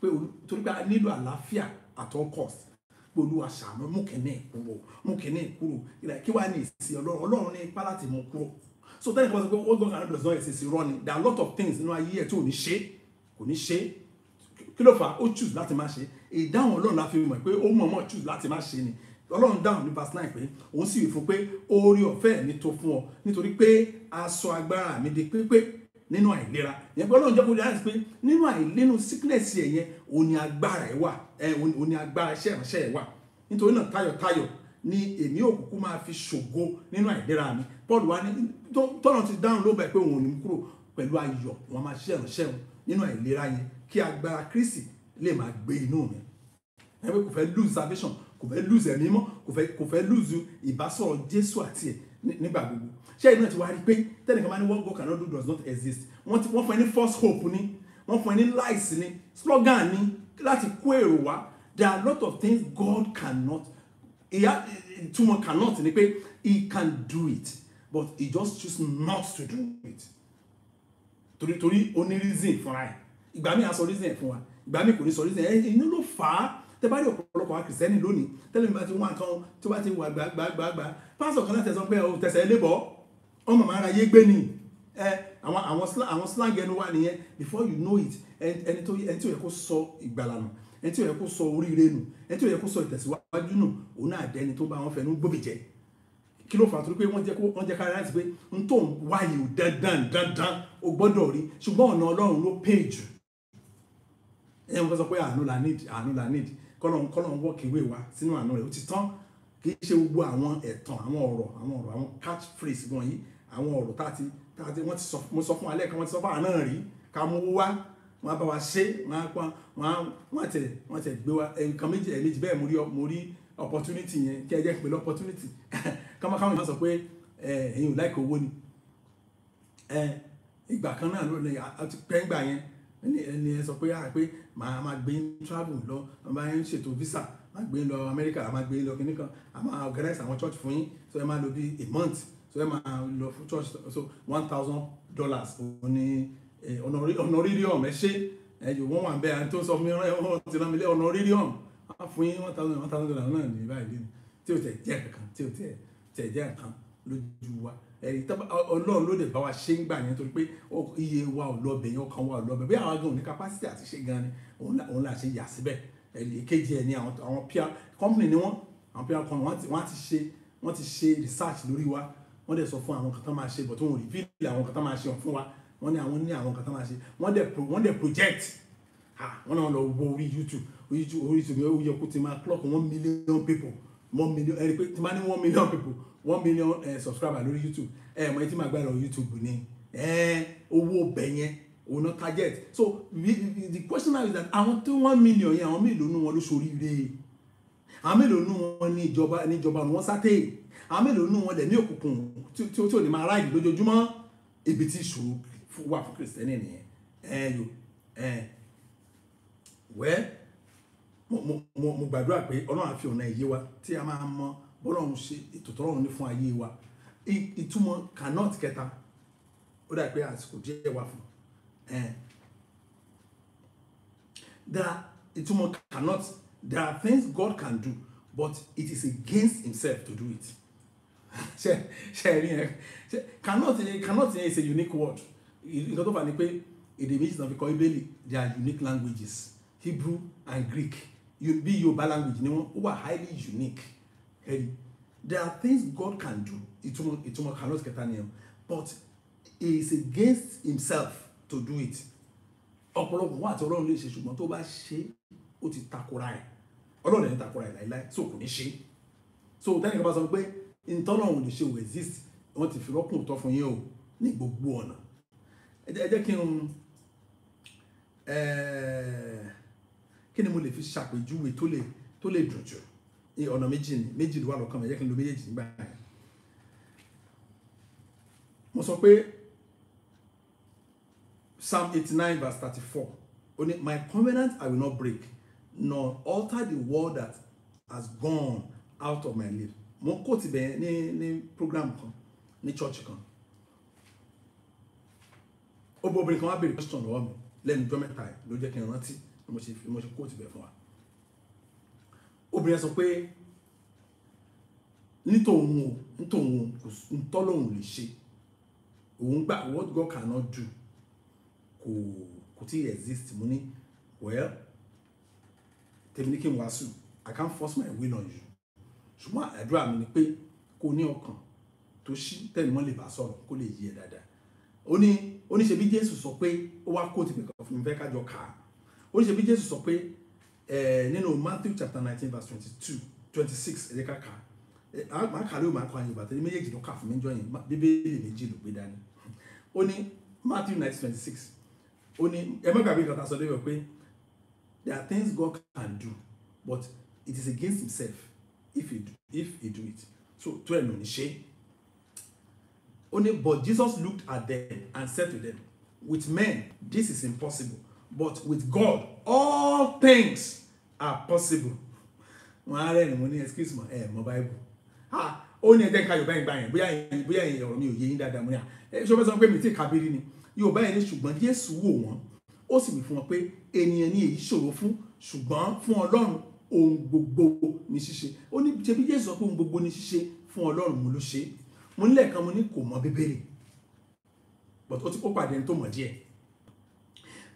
pé torí pé a nílò àlàáfíà at all cost pé olúwa ṣàánú mú kẹ́ni kúrò mú kẹ́ni kúrò kí wàá ní ìsìn ọlọ́run ọlọ́run ní ipá láti mú kúrò so tẹ́lẹ̀ kan sọ pé wọ́n gbọ́n kan does not exist irọ́ ni there are a lot of things nínú ayé ẹ̀ tí ò ní ṣe é kò ní ṣe kí ló fà á ó choose láti má ṣe ìdáhùn ọlọ́run la fi mọ̀ pé ó mọ̀ mọ̀ choose láti má ṣe ni ọlọ́run dáhùn ní verse nine pé òun sì wí fún pé oore ọ̀fẹ́ mi tó fún ọ nítorí pé aṣọ agbára mi di pípé nínú àìlera yẹn pé ọlọ́run jẹ́ kó dáhùn pé nínú àìlénu sickness ẹ̀ yẹn òun ni agbára ẹ̀ wà ẹ̀ òun ni agbára iṣẹ́ ìránṣẹ́ ẹ̀ wà nítorí náà tayọ̀tayọ̀ ni èmi òkùnkùn máa fi ṣògo nínú àìlera mi Paul wa ni tọ́nà ti dáhùn ló bẹ̀ pé òun ò ní kúrò pẹ̀lú ayọ̀ wọn máa ṣe ìránṣẹ́ wọn nínú àìlera yẹn kí agbára Kristi lè máa gbé inú mi ẹ kò fẹ́ lose salvation kò fẹ́ lose ẹ̀mí mọ́ kò fẹ́ lose ìbásọ̀rọ̀ Jésù àti ẹ̀ nígbà gbogbo ṣé ìnáà ti wá rí i pé tẹ́nìkan máa ní what God cannot do does not exist wọ́n ti wọ́n fún ẹ ní false hope ni wọ́n fún ẹ ní lies ni slogan ni láti kó èrò wá there are a lot of things God cannot ìyá ìtumọ̀ cannot ni pé he can do it but he just choose not to do it torí torí ó ní reason fúnra ẹ̀ ìgbà mi à sọ reason fún wa ìgbà mi kò ní sọ reason ẹ̀ inú ló fà á tẹ bá rí ọ̀pọ̀lọpọ̀ kìrìsìtẹ́nì lónìí tẹ́lẹ̀ nígbà tí wọ́n kan tó bá ti wà gbàgbàgbà pásọ̀ kan láti ẹ̀sán pé o tẹ̀sẹ̀ lébọ̀ ọmọ màá ra yé gbé ni àwọn àwọn slang ẹnu wà nìyẹn before you know it ẹni tó ẹni tí ò yẹ kó sọ ìgbàlà nù ẹni tí ò yẹ kó sọ oríire nù ẹni tí ò yẹ kó sọ ìtẹ̀síwájú nù òun náà dẹni tó bá wọn fẹnu gbòbì jẹ kí ló fà á torí pé wọ́n jẹ́ ká rẹ́ láti pé n tó ń wáyé dandan dandan o gbọ́dọ̀ rí ṣùgbọ́n ọ̀nà ọlọ́run ló pè jù ẹ wọ́n sọ pé àánú la need àánú la need kọ́lọ́n kọ́lọ́n wọ́ọ̀kì ìwé wa sínú àánú rẹ̀ ó ti tán kì í ṣe gbogbo àwọn ẹ̀tàn àwọn ọ̀rọ̀ àwọn ọ̀rọ̀ àwọn catch phrase wọ̀nyí àwọn ọ̀rọ̀ tá a ti tá a ti wọ́n ti sọ mo sọ fún alẹ́ kan wọ́n ti sọ fún àná rí ká mú wá wọ́n á bá wa ṣe wọ́n á pa wọ́n á wọ́n tẹ̀ wọ́n tẹ̀ gbé wa nǹkan méjì ẹ̀ méjì bẹ́ẹ̀ mo rí mo rí opportunity yẹn kí ẹ jẹ́ pẹ̀lú opportunity [laughs] kọ́mọkàwọn yìí wọ́n sọ pé ẹ̀yin ò láìkè owó ni ìgbà kan náà ló lè pẹ́ngbà yẹn ẹni ẹ sọ pé a ah, pé màá máa gbé travel lọ màá ń ṣètò visa màá gbé lọ Amẹ́ríkà màá gbé lọ kínní kan a máa organize àwọn church fún yín so ẹ máa lò bí a month so ẹ máa lọ fún church so one thousand dollars òun ni honorarium ẹ ṣe ẹyọ wọn wà bẹ́ẹ̀ àti tó sọ mi wọn ti rán mi lé honorarium wọn fún yín one thousand one thousand dollars náà ní báyìí tí o tẹ̀ jẹ́ kankan tí o tẹ̀ jẹ́ kankan lójú wa ẹ̀rí ọlọ́run ló dẹ̀ bá wa ṣe ń gbà yẹn torí pé iye wa ò lọ́bẹ̀ yẹn ọkàn wa ò lọ́bẹ̀ bí àwọn agan ò ní capacity àti ṣe gan ni òun là ṣe yà síbẹ̀ ẹ̀rí èkejì ẹ̀ ni àwọn pr company ni wọ́n àwọn pr company wọ́n ti ṣe wọ́n ti ṣe research lórí wa wọ́n dẹ̀ sọ fún àwọn kan tán máa ṣe but wọn ò reveal àwọn kan máa ṣe fún wa wọ́n ní àwọn ní àwọn kan máa ṣe wọ́n dẹ̀ wọ́n dẹ̀ project wọ́n náà lọ wọ orí youtube orí youtube ó yẹ kó ti máa clock one million people one million ẹ̀rí pé tí máa ní one million people one million uh, subscriber lórí youtube ẹ mọ̀ ẹ ti máa gbàdọ̀ youtube ni owó bẹ̀ yẹn òun náà target so we, the question now is that àwọn tí one million yẹn àwọn mélòó nù wọn ló ṣoríire àwọn mélòó nù wọn ní ìjọba ní ìjọba wọn sáté àwọn mélòó nù wọn lẹ̀ ní òkùnkùn tí ó tí ò ní máa ráàyè lójoojúmọ́ ibi tí ìṣòro wà fún kìrìsìtẹ́nì nìyẹn ẹ yò ẹ wẹ́ mo mo mo gbàdúrà pé ọlọ́run àfi ọ̀nà ìyé wa tí a máa mọ bọ́lọ́run ṣe ètò tọ́lọ́run ní fún ayé wa ìtumọ̀ cannot kẹta ó dà pé àsìkò díẹ̀ wà fún da ìtumọ̀ cannot there are things God can do but it is against himself to do it ṣe [laughs] ṣe rí ẹ ṣe cannot cannot is a unique word nǹkan tó fà ní pé èdè méjì náà fi kọ ibeli they are unique languages Hebrew and Greek bí Yorùbá language ni wọ́n ó wà highly unique ẹ̀rí there are things God can do ìtumọ̀ ìtumọ̀ cannot kẹta nìyẹn but he is against himself to do it ọ̀pọ̀lọpọ̀ wà tí ọlọ́run lè ṣe ṣùgbọ́n tó bá ṣe ó ti takora ẹ̀ ọlọ́run ẹ̀ takora ẹ̀ láíláí so kò ní ṣe so tẹ́nìkan bá sọ pé ìtọ́lọ́run lè ṣe ò exist wọ́n ti fi rọ́pùn tọ́ fún yín o ní gbogbo ọ̀nà ẹ jẹ́ kí n eh, kí ni mo lè fi ṣàpèjúwe tó lè dùn jù ọ̀nà méjì ni méjì ló wà lọ́kàn mi yẹ kí n lo méjèèjì nígbà yẹn mo sọ pé psalm eighty nine verse thirty four ó ní my covenant I will not break nor alter the word that has gone out of my lips mo ń kó tibẹ̀ ní ní program kan ní church kan obìnrin kan wá béèrè question lọ́wọ́ mi lẹ́nu jọ́ mẹ́ta ẹ̀ ló jẹ́ kí n rántí mo ṣe mo ṣe kó tibẹ̀ fún wa obìnrin sọ pé nítòun o nítòun kò ntọ́lọ́hún lè ṣe òun gbà what God cannot do kò kò tí exist mo ní well tèmi ní kí n wàásù I can't force my will on you ṣùgbọ́n àdúrà mi ni pé kò ní ọkàn tó ṣí tẹ́lẹ̀ mọ́ lè bá sọ̀rọ̀ kó lè yí ẹ dáadáa ó ní ó ní ṣe bí Jésù sọ pé ó wá kóòtù nìkan fún mi fẹ́ kájọ kà á ó ní ṣe bí Jésù sọ pé ẹ̀ẹ́ eh, nínú Matthew chapter nineteen verse twenty-two twenty-six ẹ̀jẹ̀ kàkà màá kàlẹ́ o màá kọ́ àyìn bàtà ní méjèèjì ló kà fún mi jọ yẹn bíbélì méjì ló gbé dání ó ní Matthew nineteen twenty-six ó ní ẹ má gbàgbé kàtà sọ pé there are things God can do but it is against himself if he do, if he do it so tó ẹ̀ ló ní ṣe ó ní but Jesus looked at them and said to them with men this is impossible but with God all things are possible wọn á rẹ́rìn mo ní excuse me ẹ mọ bible ha ó ní ẹjẹ ká yorùbá yẹn gbà yẹn bóyá yẹn bóyá yẹn ọ̀rọ̀ mi ò yé yín dáadáa mo ní à ṣé o fẹ́ sọ pé mi ti kábírí ni yorùbá yẹn ní ṣùgbọ́n jésù wò wọ́n ó sì wí fún wọn pé ènìyàn ni èyí ṣòro fún ṣùgbọ́n fún ọlọ́run ohun gbogbo ní ṣíṣe ó ní ṣe bí jésù sọ pé ohun gbogbo ní ṣíṣe fún ọlọ́run mo ló ṣe mo ní lẹ́ẹ̀kan mo ní kò mọ bíbélì but ó ti kó pàdé tó mọ̀ díẹ̀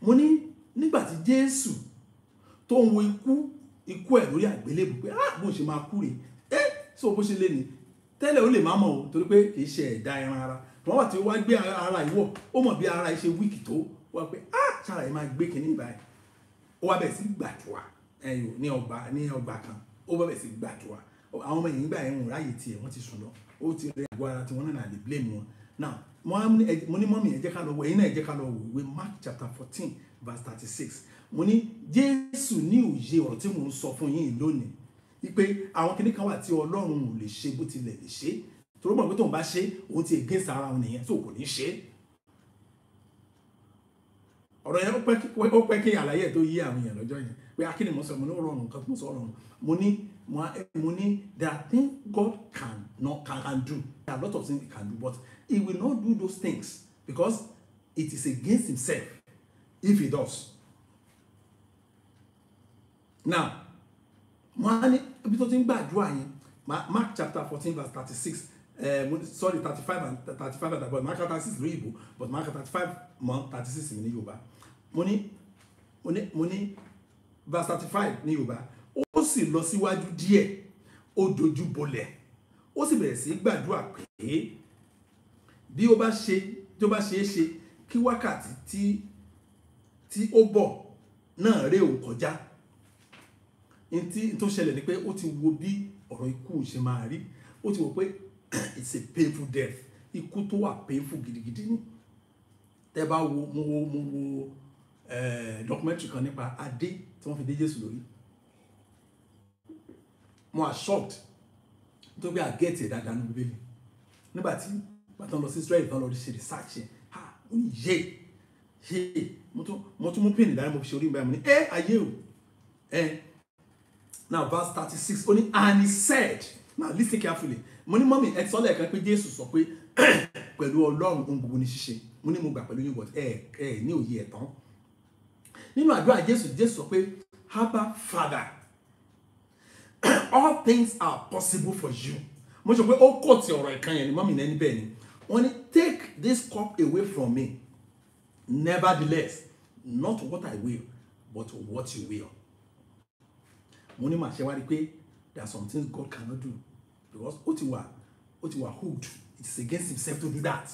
mo ní nígbà tí Jésù tó ń wo ikú ikú ẹ̀ lórí àgbélébù pé ah bó ṣe máa kú rè é eh, so bó ṣe lé ni tẹ́lẹ̀ ó lè má mọ̀ o torí pé kì í ṣe ẹ̀dá ẹran ara wọ́n wà tí ó wá gbé ara ìwọ̀ ó mọ̀ bí ara ìṣe wíìkì tó wá pé ah ṣára ẹ̀ máa gbé kínní ìbáyìí ó wá bẹ̀rẹ̀ sí gbàdúrà ẹ̀yìn ní ọgbà ní ọgbà kan ó wá bẹ̀rẹ̀ sí gbàdúrà àwọn ọmọ yìí gbà ẹ̀hún ráyè tiẹ̀ wọ́n ti sùn lọ ó ti rẹ àgọ́ ara tí wọ́n náà lè blame wọn now mo ní mọ́mí ẹ jẹ́ ká lọ wò ẹ̀yin náà ẹ jẹ́ ká lọ wò ìwé Mark chapter fourteen verse thirty six mo ní Jésù ní òye ọ̀rọ̀ tí mò ń sọ fún yín lónìí wípé àwọn kìnnì kan wà tí Ọlọ́run ò lè ṣe bó tilẹ̀ lè ṣe torí mọ̀ pé tóun bá ṣe òun ti against ara òun nìyẹn tó kò ní ṣe ọ̀rọ̀ yẹn ó pẹ́ kí àlàyé tó yí àwọn èèyàn lọ́jọ́ yẹn pé akínni mo sọ mo ní ọ̀rọ̀ nǹkan tó mo sọ ọ̀rọ̀ mo ní mo ní that thing God can not can, do. There are a lot of things he can do, but he will not do those things because it is against himself if he does. Now, wọ́n á ní ibi tó Mark chapter fourteen verse thirty-six eh, sorry thirty-five and thirty-five and above Mark chapter six lóyìnbó but Mark thirty-five mọ thirty-six ní Yorùbá mo ní mo ní mo verse thirty-five ní Yorùbá ó sì lọ die, díẹ̀ ó bole ó sì bẹ̀rẹ̀ sí gbàdúrà pé bí ó bá ṣe tí ó bá ṣe é ṣe kí wákàtí tí tí ó bọ̀ náà ré òun kọjá ntí tó ṣẹlẹ̀ ni pé ó ti wo bí ọ̀rọ̀ ikú ṣe máa rí ó ti wò pé [clears throat] it's a painful death ikú tó wà painful gidigidi ni tẹ́ bá wo mo wo mo wo eh, documentary kan nípa adé tí wọ́n fi dé Jésù lórí mo are shocked nítorí pé àgẹ́ẹ̀tì ẹ̀dá dànù bíbélì nígbà tí bàtà lọ sí Israel bá lọ ṣe research yẹn ha ó ní yé yé mo tún mo tún mú pin ìdáná mo fi ṣe orí mi báyìí mo ní ẹ ayé o ẹ now verse thirty six ó ní and he said now listen carefully mo ní mọ́mí ẹ ti sọ́lẹ̀ kan pé Jésù sọ pé [clears throat] pẹ̀lú Ọlọ́run ohun gbogbo ní ṣíṣe mo ní mo gbà pẹ̀lú yín but ẹ ẹ ní òye ẹ̀ tán nínú àdúrà Jésù Jésù sọ pé haba father [coughs] all things are possible for you mo sọ pé ó kò tí ọ̀rọ̀ ẹ̀kan yẹn ni mọ́mì náà níbẹ̀ ni wọ́n ní take this cup away from me nevertheless not what I will but what you will mo ní màá ṣe wá rí i pé there are some things God cannot do because ó ti wà ó ti wà hooked it is against himself to do that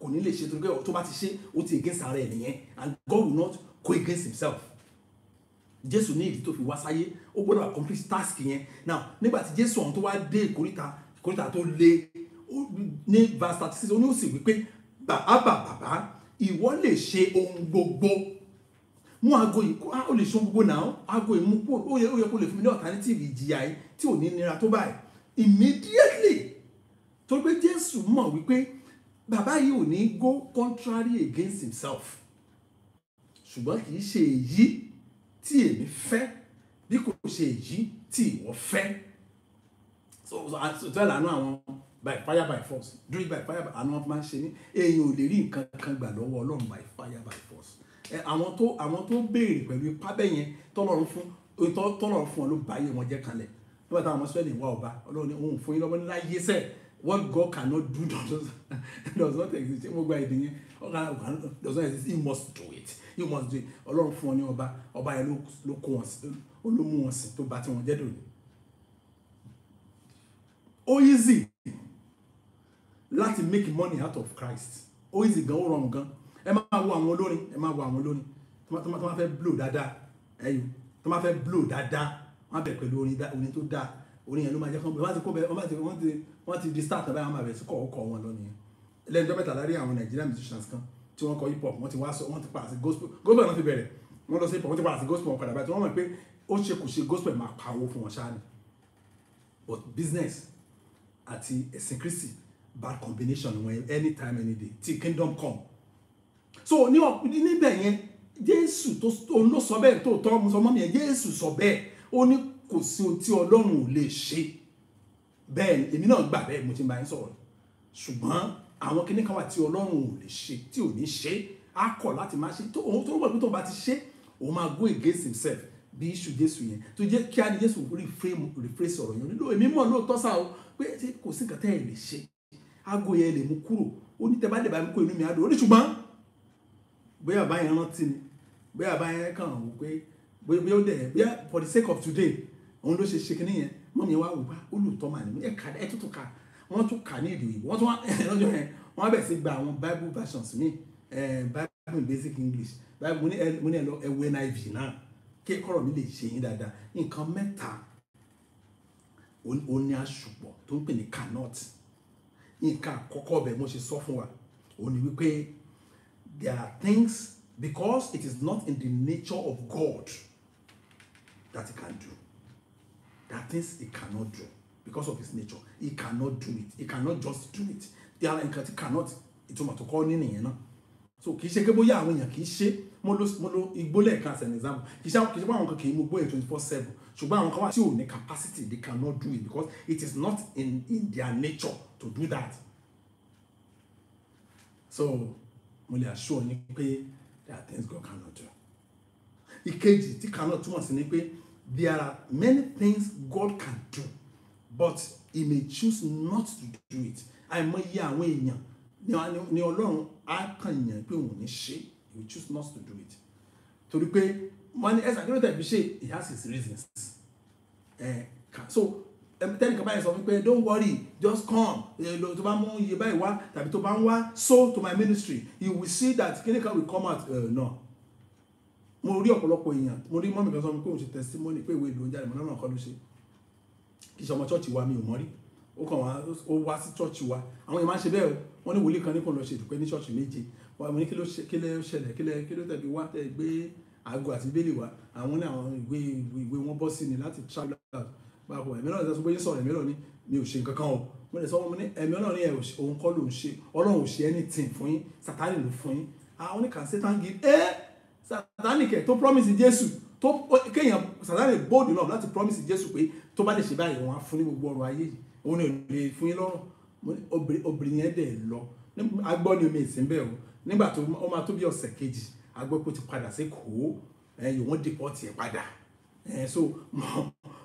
kò ní lè ṣe torí pé tó bá ti ṣe ó ti against ara ẹ̀ nìyẹn and God will not go against himself jésù ní ìdí tó fi wá sáyé ó gbọ́dọ̀ accomplish task yẹn now nígbà tí jésù ọ̀hún tó wá dé ìkóríta ìkóríta tó le ní verse thirty six ó ní ó sì wípé bàbá bàbá ìwọ lè ṣe ohun gbogbo mú aago yìí kó ah, o lè ṣe ohun gbogbo náà aago yìí mú kó o yẹ kó lè fún mi ní alternative ìjìyà yìí tí ò ní nira tó báyìí immediately tó pé jésù mọ̀ wípé bàbá yìí ò ní go contrary against himself ṣùgbọ́n kì í ṣe èyí tí èmi fẹ́ bí kò ṣe èyí tí ìwọ fẹ́ so so àánú àwọn by fire by force do by fire by àánú wọn máa ń ṣe ní èèyàn ò lè rí nǹkan kan gbà lọ́wọ́ ọlọ́run by fire by force àwọn tó àwọn tó béèrè pẹ̀lú ipá bẹ́ẹ̀ yẹn tọ́lọ́run fún tọ́lọ́run fún ọ ló báyé wọn jẹ́ kalẹ̀ nígbà táwọn ọmọ sẹ́ẹ̀lì wá ọba ọlọ́run òun fún yín lọ́wọ́ níláyé sẹ́ẹ̀ what God cannot do [laughs] does, does not exist ṣé mo gba èdè does not exist he must do it he must do it ọlọ́run fún ọ Oba ọba ọba yẹn ló kó wọn sí ló mú wọn sí tó bá tí wọn jẹ́ dòní. ó easy láti make money out of Christ ó easy gan ó rọrùn gan ẹ máa wo àwọn olórin ẹ máa wo àwọn olórin tó máa fẹ́ blow dáadáa ẹ̀yìn tó máa fẹ́ blow dáadáa wọ́n á bẹ̀ pẹ̀lú orin tó dáa orin yẹn ló máa jẹ́ kán bẹ̀ wọ́n ti kó bẹ̀ wọ́n ti wọ́n ti di start báyìí àwọn àbẹ̀sí kọ̀ ọkọ̀ wọn lọ nìyẹn lẹ́yìn tó mẹ́ta lárí àwọn Nigerian musicians kan tí wọ́n kọ hip hop wọ́n ti wá sọ wọ́n ti pa àti gospel gospel náà ti bẹ̀rẹ̀ wọ́n lọ sí hip hop wọ́n ti pa àti gospel padà báyìí tí wọ́n mọ̀ pé ó ṣe kò ṣe gospel máa pawó fún wọn ṣáà ni but business àti ẹ̀sìn Kristi bad combination wọn anytime any day till kingdom come so níbẹ̀ yẹn Jésù tó ń lọ sọ bẹ́ẹ̀ tó tọ́ mu sọ mọ́ mi yẹn Jésù sọ bẹ́ẹ̀ ó ní kò sí ohun tí Ọlọ́run ò lè ṣe bẹ́ẹ̀ èmi náà gbà bẹ́ẹ̀ mo ti ń bá yín sọ̀rọ̀ ṣùgbọ́n àwọn kinní kan wà tí ọlọ́run ò lè ṣe tí ò ní ṣe á kọ̀ láti má ṣe tó òun tó wọ̀ pé tóun bá ti ṣe òun máa go against himself bí iṣu jésù yẹn tó jẹ́ kí á ní jésù rephrase ọ̀rọ̀ yẹn nílò èmi mọ̀ lóòótọ́ sá o pé kò sí nǹkan tẹ́ ẹ̀ lè ṣe aago yẹn lè mú kúrò ó ní tẹ́bá lè bá mi kó inú mi á dùn ó ní ṣùgbọ́n bóyá bá yẹn rántí ni bóyá bá yẹn kàn wò pé bóyá ó bóyá for the sake of today òun ló ṣe ṣe kinní yẹn mọ́mí wa wò bá olùtọ́ mà ní ẹ̀ ká ẹ̀ tútù wọ́n tún kà ní èdè òyìnbó wọ́n tún wá [laughs] wọ́n bẹ̀ sí gba àwọn bible versions mi bible in basic english bible mo ní ẹ lọ ẹwọ niv náà kí kọ́rọ̀ mi lè ṣe yín dáadáa nǹkan mẹ́ta ó ní àṣùpọ̀ tó ń pè ní cannot nǹkan àkọ́kọ́ bẹ̀ mo ṣe sọ fún wa ó ní wípé there are things because it is not in the nature of God that he can do There are things he cannot do because of his nature. He cannot do it. He cannot just do it. The are nǹkan tí cannot ìtumọ̀ tó kọ́ ní nìyẹn náà. So kì í ṣe pé bóyá àwọn èèyàn kì í ṣe mo lo mo lo igbó lẹ́ẹ̀kan as an example kì í ṣe kì í ṣe pé kan kì í mú gbóyè twenty four seven ṣùgbọ́n àwọn kan wà tí ò ní capacity they cannot do it because it is not in in their nature to do that. So mo lè assure yín pé there are things God cannot do. Ìkejì tí cannot túmọ̀ sí ni pé there are many things God can do but he may choose not to do it àìmọye àwọn èèyàn ni Ọlọ́run á kàn yàn pé òun ní ṣe he will choose not to do it torí pé wọ́n ní ẹ̀sán kílódé tẹ̀bí ṣe he has his reasons so tẹ́lẹ̀ kan báyìí sọ wípé don't worry just come tó bá mú iye báyìí wá tàbí tó bá ń wá sow to my ministry you will see that kíníkan will come out uh, no mo rí ọ̀pọ̀lọpọ̀ èèyàn mo rí mọ́mì kan sọ pé òun ṣe testimony pé ìwé ìlú ń jáde mọ́ náà kọ́ ló ṣe kì í ṣe ọmọ chọ́ọ̀chì wa mi ò mọ́ rí ó kàn wá ó wá sí chọ́ọ̀chì wa àwọn èèyàn máa ń ṣe bẹ́ẹ̀ o wọ́n ní wòlíì kan ní kò lọ ṣe ìdúpẹ́ ní chọ́ọ̀chì méje wọ́n ní kí ló ṣẹlẹ̀ kí ló tẹ̀bi wá tẹ̀ gbé aago àti bẹ́ẹ̀lì wa àwọn ní àwọn ìwé ìwé wọn bọ́ sí ni láti travel out báwo ẹ̀mí náà sọ pé sátánì kẹ̀ tó promise jésù tó kéèyàn sátánì bold enough láti promise jésù pé tó bá lè ṣe báyìí wọn á fún ní gbogbo ọrọ̀ ayé yìí òun ni ò lè fún yín lọ́rùn obìnrin yẹn dẹ̀ lọ agbọ́ ni omi ìsìn bẹ́ẹ̀ o nígbà tó ó máa tó bí ọ̀sẹ̀ kejì agbọ́ pé ti padà sí kò ó ẹ̀yìn wọ́n dìpọ́tì ẹ̀ padà ẹ̀ so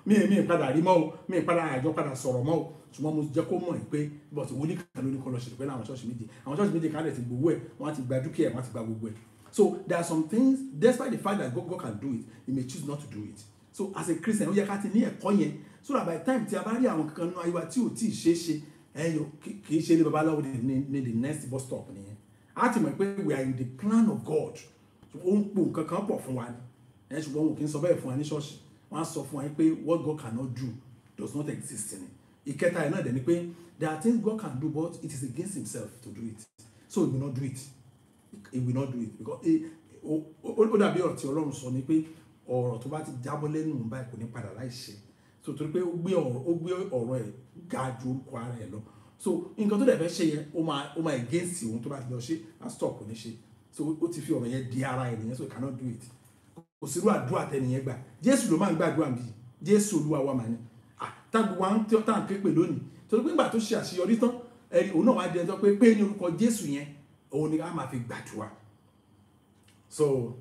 mi mi padà rí mọ́ o mi padà àjọ padà sọ̀rọ̀ mọ́ o ṣùgbọ́n mo jẹ́ kó mọ̀ ẹ́ pé bọ̀tù wọ́n ní kàn lórí kọ́ lọ ṣètò pé láwọn ṣọ́ọ̀ṣì méje àwọn ṣọ́ọ̀ṣì méje kálẹ̀ ti gbowó ẹ̀ wọ́n á ti gba dúkìá ẹ̀ wọ́n á ti gba gbogbo ẹ̀ so there are some things despite the fact that God, God can do it he may choose not to do it so as a Christian we are cutting ti ní so that by the time tí a bá rí àwọn kankan nínú ayé wa tí ò tí ì the next bus stop nìyẹn a ti we are in the plan of God So ń po nǹkan kan pọ̀ fún wa ni ẹ ṣùgbọ́n wọn kì í sọ bẹ́ẹ̀ fún wa ní ṣọ́ọ̀ṣì wọ́n what God cannot do does not exist ni ìkẹta ẹ̀ náà dẹ̀ ni there are things God can do but it is against himself to do it so he will not do it he will not do it because ó eh, dàbí ọ̀rọ̀ tí ọlọ́run sọ ni pé ọ̀rọ̀ tó bá ti jábọ́ lẹ́nu báyìí kò ní padà láìṣẹ so torí pé ó gbé ọ̀rọ̀ ẹ̀ ga ju orúkọ ara ẹ̀ lọ so nǹkan tó dẹ̀ fẹ́ ṣe yẹn ó máa ó máa against òun tó bá ti lọ ṣe á stop kò ní ṣe so ó ti fi ọ̀rọ̀ yẹn di ara ẹ̀ nìyẹn so he cannot do it kò sí irú àdúrà tẹnìyẹn gbà jésù ló máa ń gbàdúrà bíi jésù olúwa wa màá ní tágbó wa ń tán képe lónìí torí pé nígbà tó ṣe àṣeyọrí tán ẹ̀rí òun náà wá di ẹjọ́ pé pé ní orúkọ jésù yẹn òun ni a máa fi gbàdúrà so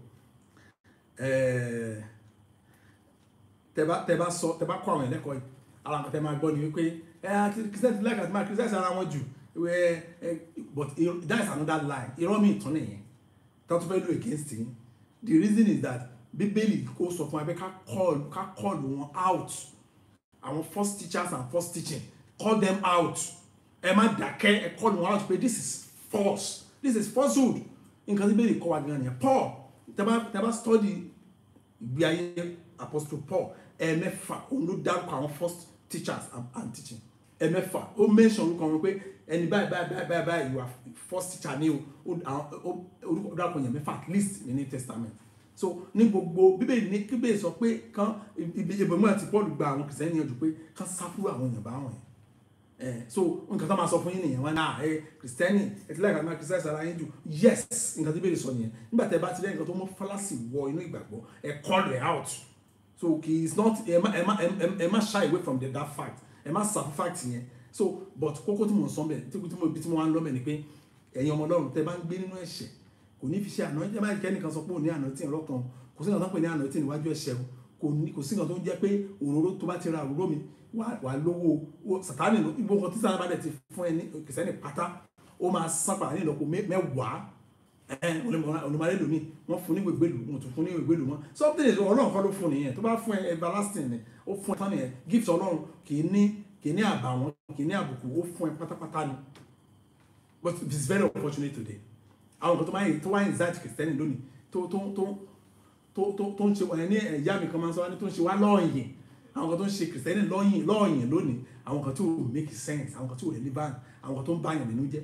tẹ bá sọ tẹ bá kọ àwọn ẹlẹ́kọ̀ọ́ yìí ara nǹkan tẹ máa gbọ́ ni wípé kìrìsìtẹ́ẹ̀tì láìka àti máa kìrìsìtẹ́ẹ̀tì ara wọn jù but that is another lie irọ́ mi ìtàn nìyẹn tó tún fẹ́ lò against him. the reason is that bíbélì kò sọ fún wa pé ká call ká call wọn out àwọn first teachers and first teaching call them out ẹ má dákẹ́ ẹ call wọn out pé this is false this is falsehood nǹkan tí bẹ́ẹ̀ kọ́ wa gan nìyẹn Paul tẹ́bá study ìgbé ayé apostle Paul ẹ̀ẹ̀mẹ́fà òun ló dárúkọ àwọn first teachers and teaching ẹ̀ẹ̀mẹ́fà ó mention orúkọ wọn pé ẹni báyìí báyìí báyìí báyìí you are first teacher ní o orúkọ dárúkọ yẹn mẹ́fà at least the New Testament so ní gbogbo bíbélì ní kíbè sọ pé kan ìbèmọ́ àti Paul gba àwọn kìsẹ́ níyànjú pé kan sáfúrò àwọn èèyàn bá wọn yẹn Eh, so nǹkan tó máa sọ fún yín nìyẹn wọn náà ẹ ah, eh, kristẹni ẹ ti láìka máa kristẹni sara yín jù yes nǹkan tó bèrè sọ nìyẹn nígbà tẹ bá ti rí nǹkan tó mú falasi wọ inú ìgbàgbọ́ ẹ call it out so kì í not ẹ má ẹ má ẹ má shy away from the that fact ẹ má sàfún fact yẹn so but kókó tí mo sọ bẹ tí mo bí tí mo wá ń lọ bẹ ni pé ẹ̀yin ọmọ Ọlọ́run tẹ bá ń gbé nínú ẹ̀ṣẹ̀ kò ní fi ṣe àná ẹ má kẹ́ nìkan sọ pé òní àná kò ní kò sí nǹkan tó ń jẹ́ pé òróró tó bá ti ra òróró mi wà lówó sàtánì gbogbo nǹkan tí sàtánì bá dẹ̀ ti fún ẹni kìsẹ́nì pátá ó máa san padà ní ìlọ́po mẹ́wàá olùmọ̀lẹ́ lómi wọ́n fún ní gbègbèlú wọ́n tún fún ní gbègbèlú wọn something is ọlọ́run kọ́ ló fún nìyẹn tó bá fún ẹ everlasting ni ó fún ẹ tán nìyẹn gift ọlọ́run kì í ní kì í ní àbàwọ́n kì í ní àbùkù ó fún ẹ pátápátá ni but it is very unfortunate today àwọn nǹkan tó máa ń tó wáyé zaid kìrìsìtẹ́nì lónìí tó tó tó tó ń ṣe ẹ̀ ní ẹ̀yà mi kan máa ń sọ wá ní tó ń ṣe wá lọ́ọ̀yìn àwọn kan tó ń ṣe kìrìsìtẹ́nì lọ́ọ̀yìn lọ́ọ̀yìn lónìí àwọn kan tí ò make sense àwọn kan tí ò relevant àwọn kan tó ń báyàn nínú jẹ́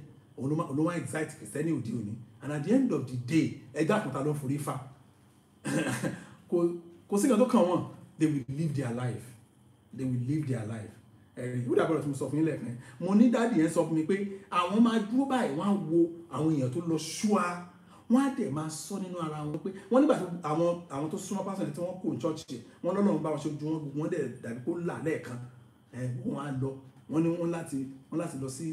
ló wá excite kìrìsìtẹ́nì òde òní and at the end of the day ẹja àkùntà ló ń forí fa [laughs] kò sí kan tó kàn wọ́n they will live their life they will live their life ẹ̀rìn ìwúdà bọ̀rọ̀ tí mo sọ fún yín lẹ́ẹ̀kan mo ní dáàdì yẹn sọ fún mi pé àwọn máa dúró báyìí wọ́n á wo àwọn èèyàn tó lọ ṣúà wọ́n á dẹ̀ máa sọ nínú ara wọn pé wọ́n nígbà tí àwọn àwọn tó súnmọ́ pásítọ̀ tí wọ́n kò ní ṣọ́ọ̀ṣì wọ́n lọ́nà bá wọn ṣe ojú wọn gbogbo wọn dẹ̀ dàbí kó là lẹ́ẹ̀kan wọ́n á lọ wọ́n ní wọ́n láti wọ́n láti lọ sí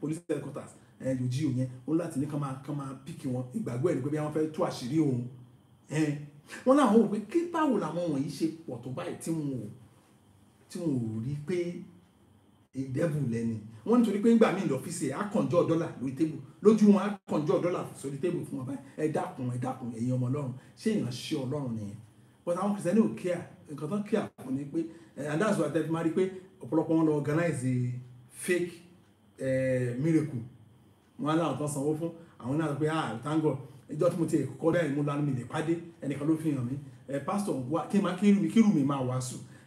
police headquarters yòjí òun yẹn wọ́n láti ní kán máa kán máa píkì wọn ìgbàgbọ́ ẹ̀ ní pé bí wọ́n fẹ́ tú àṣírí òun wọ́n láwọn wò pé kí báwo làwọn wọ̀nyí ṣe pọ̀ tó báyìí tí wọn ò rí pé ìdẹ́bù lẹ́ni wọ́n nítorí pé ńgbà míì lọ́fíìsì ẹ̀ àkànjọ́ dọ́là lórí tébù lójú wọn àkànjọ́ dọ́là sórí tébù fún wọn báyìí ẹ dákun ẹ dákun ẹ̀yin ọmọ ọlọ́run ṣé èèyàn ṣe ọlọ́run nìyẹn but àwọn kìrìsìtẹ́nì ò kíà nǹkan tán kíà fún ni pé eh, and that's why tẹ́fí máa rí pé ọ̀pọ̀lọpọ̀ wọn lọ organize eh, fake eh, miracle wọn á láwọn tán sanwó fún àwọn náà pé ah thank God ìjọ tí mo ti kọ́ dá ìmúlanú mi lè pàdé ẹnìkan ló fi hàn mí pastor kí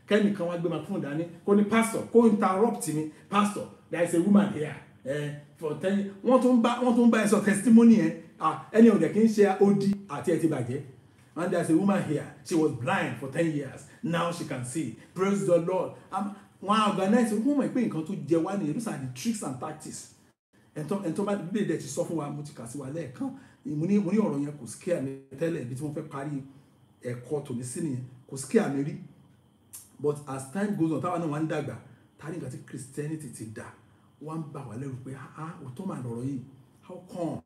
kẹ́nìkan wá gbé microphone dání kó ní pastor kó interrupt mi pastor there is a woman here eh, for ten wọ́n tún bá wọ́n tún bá ẹ sọ testimony ẹ ah, ẹni ọ̀dẹ̀ kì í ṣe odi àti ẹ ti bàjẹ́ and there is a woman here she was blind for ten years now she can see praise the lord wọn á organize wọn mọ̀ pé nǹkan tó jẹ wá nìyẹn those are the tricks and tactics ẹ̀ntọ́ ẹ̀ntọ́ bá bíbélì dẹ̀ ti sọ fún wa mo ti kà sí wa lẹ́ẹ̀kan mo ní mo ní ọ̀rọ̀ yẹn kò sí kí àmì tẹ́lẹ̀ ibi tí wọ́n fẹ́ parí ẹ̀kọ́ tòní sí nìyẹn kò sí kí àmì rí but as time goes on táwa náà wá ń dàgbà ta ni nǹkan tí christianity ti dà wá ń bà wá lẹ́rù pé ah, ah òótọ́ màá lọ̀rọ̀ yìí how come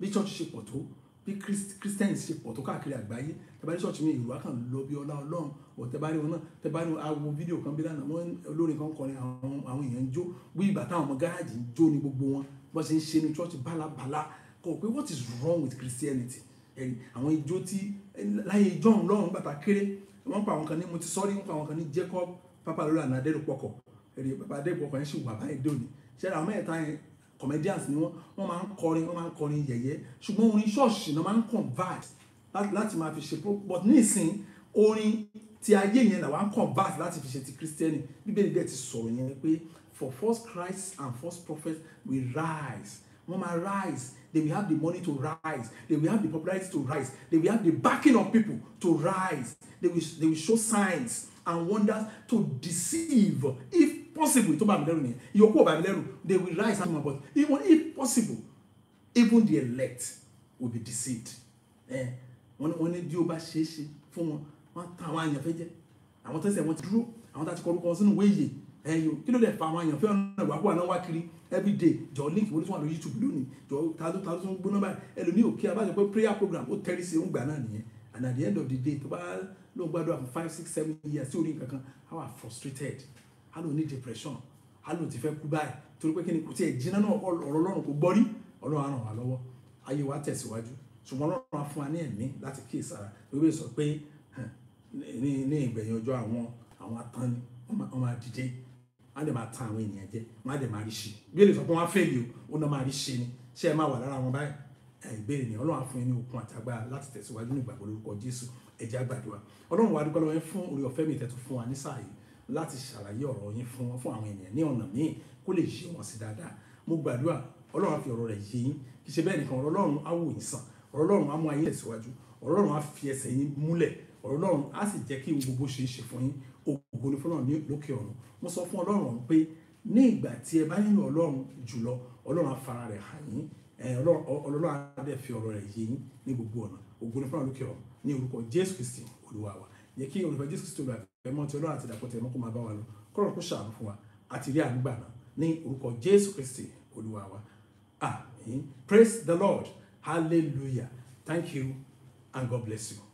bí church ṣe pọ̀ tó bí christians ṣe pọ̀ tó káàkiri àgbáyé tẹ́bá ní church mi ìlú akàn lọ bí ọlá ọlọ́run ọ̀tẹ́bá ní wọn náà tẹ́bá ní awo fídíò kan bí lánàá wọn olórin kan kọrin àwọn èèyàn ń jó bí ìgbà táwọn ọmọ gáàjì ń jó ní gbogbo wọn bọ́n ṣe ń ṣe ní church bálabàla kọ pé what is wrong with christianity ẹ̀rí àwọn ijó tí láyé ijó ọ̀hún lọ́run bàtà kéré wọ́n pa àwọn kan ní mo ti sọ́rí wọ́n pa àwọn kan ní Jacob Papalolo and Adéròpọ̀kọ̀ èrè bàbá Adéròpọ̀kọ̀ yẹn sì wà báyìí dòní ṣẹlẹ̀ àwọn mẹ́ta yẹn comedians ni wọ́n wọ́n máa ń kọrin wọ́n máa ń kọrin yẹ̀yẹ́ ṣùgbọ́n orin ṣọ́ọ̀ṣì náà máa ń converse láti máa fi ṣe but nísìn orin ti ayé yẹn làwọn ń converse láti fi ṣe ti Christianity Bíbélì dẹ̀ ti sọ̀rọ̀ yẹn pé for false Christ and false prophets will rise wọ́n máa rise they will have the money to rise they will have the popularity to rise they will have the backing of people to rise they will, they will show signs and wonders to deceive if possible tó bá mi they will rise and but even if possible even the elect will be deceived eh, wọ́n wọ́n ní bí ó bá ṣe fún wọn wọ́n ta àwọn àyàn fẹ́ jẹ́ àwọn tẹ́sẹ̀ wọn ti dúró àwọn tá a ti kọ orúkọ sínú wéyè ẹ̀yìn eh, kí ló dé fa àwọn àyàn fẹ́ ọ̀nà ìwà kó àná wá kiri Every day, jọ link wo ló tún wà youtube lónìí jọ tàdó tàdó tún gbóná báyìí ẹlòmíì ò kí abájọ pé prayer program ó tẹ́rí sí òun gbà náà nìyẹn and at the end of the day tó bá ló ń gbàdúrà fún five six seven years tí ò ní nǹkan kan á wà frustrated do lò ní depression á lò ti fẹ́ kú báyìí torí pé kí ni kò tiẹ̀ jiná náà ọ̀rọ̀ ọlọ́run kò gbọ́rí ọlọ́run á ràn wá lọ́wọ́ ayé wa tẹ̀síwájú ṣùgbọ́n ọlọ́run á fún wa ní ẹ̀mí láti kíyèsára wíwé sọ pé ní ìgbẹ̀yìn ọjọ́ àwọn àwọn atánni wọ́n máa dìde wọ́n á dẹ̀ máa tan àwọn ènìyàn jẹ wọ́n á dẹ̀ máa rí ṣe ìbéèrè sọ pé wọ́n á fẹ́ yìí o ó náà máa rí ṣe ni ṣé ẹ máa wà lára wọn báyìí ìbéèrè ni ọlọ́run á fún yín ní okun àtàgbára láti tẹ̀síwájú ní ìgbàgbọ́ lórúkọ jésù ẹ̀jẹ̀ àgbàdua ọlọ́run wa dúpẹ́ lọ́wọ́ yín fún orí ọ̀fẹ́ mi tẹ̀tù fún wa ní sáà yìí láti ṣàlàyé ọ̀rọ̀ yín fún fún àwọn ènìyàn ní ọ̀nà míì kó lè yé wọn sí dáadáa mo gbàdúrà ọlọ́run á ọ̀rọ̀ rẹ̀ yé yín kì í ṣe bẹ́ẹ̀ nìkan ọ̀rọ̀ ọlọ́run á wò yín sàn ọ̀rọ̀ ọlọ́run á mú ayé tẹ̀síwájú ọ̀rọ̀ ọlọ́run á fi ẹsẹ̀ yín múlẹ̀ ọ̀rọ̀ ọlọ́run á sì jẹ́ kí gbogbo ṣe é ṣe fún yín ògo ni fọlọ́run ní lókè ọ̀run mo sọ fún ọlọ́run ọ̀run pé ní ìgbà tí ẹ bá nílò ọlọ́run jùlọ ọlọ́run afara rẹ̀ hàn yín ọlọ́run adé fi ọ̀rọ̀ rẹ̀ yé yín ní gbogbo ọ̀nà ògo ni fọlọ́run lókè ọ̀run ní orúkọ jésù kristi olúwa wa yẹ kí olùfẹ́ jésù kristi olúwa ẹ mọ́ ti ọlọ́run àti ìdàpọ̀ tẹ̀ mọ́ kó máa bá wa lọ kọ́rọ̀ kó ṣàánú fún wa àti rí àdúgbà náà ní orúkọ jésù kristi olúwa wa amen praise the lord hallelujah thank you and god bless you.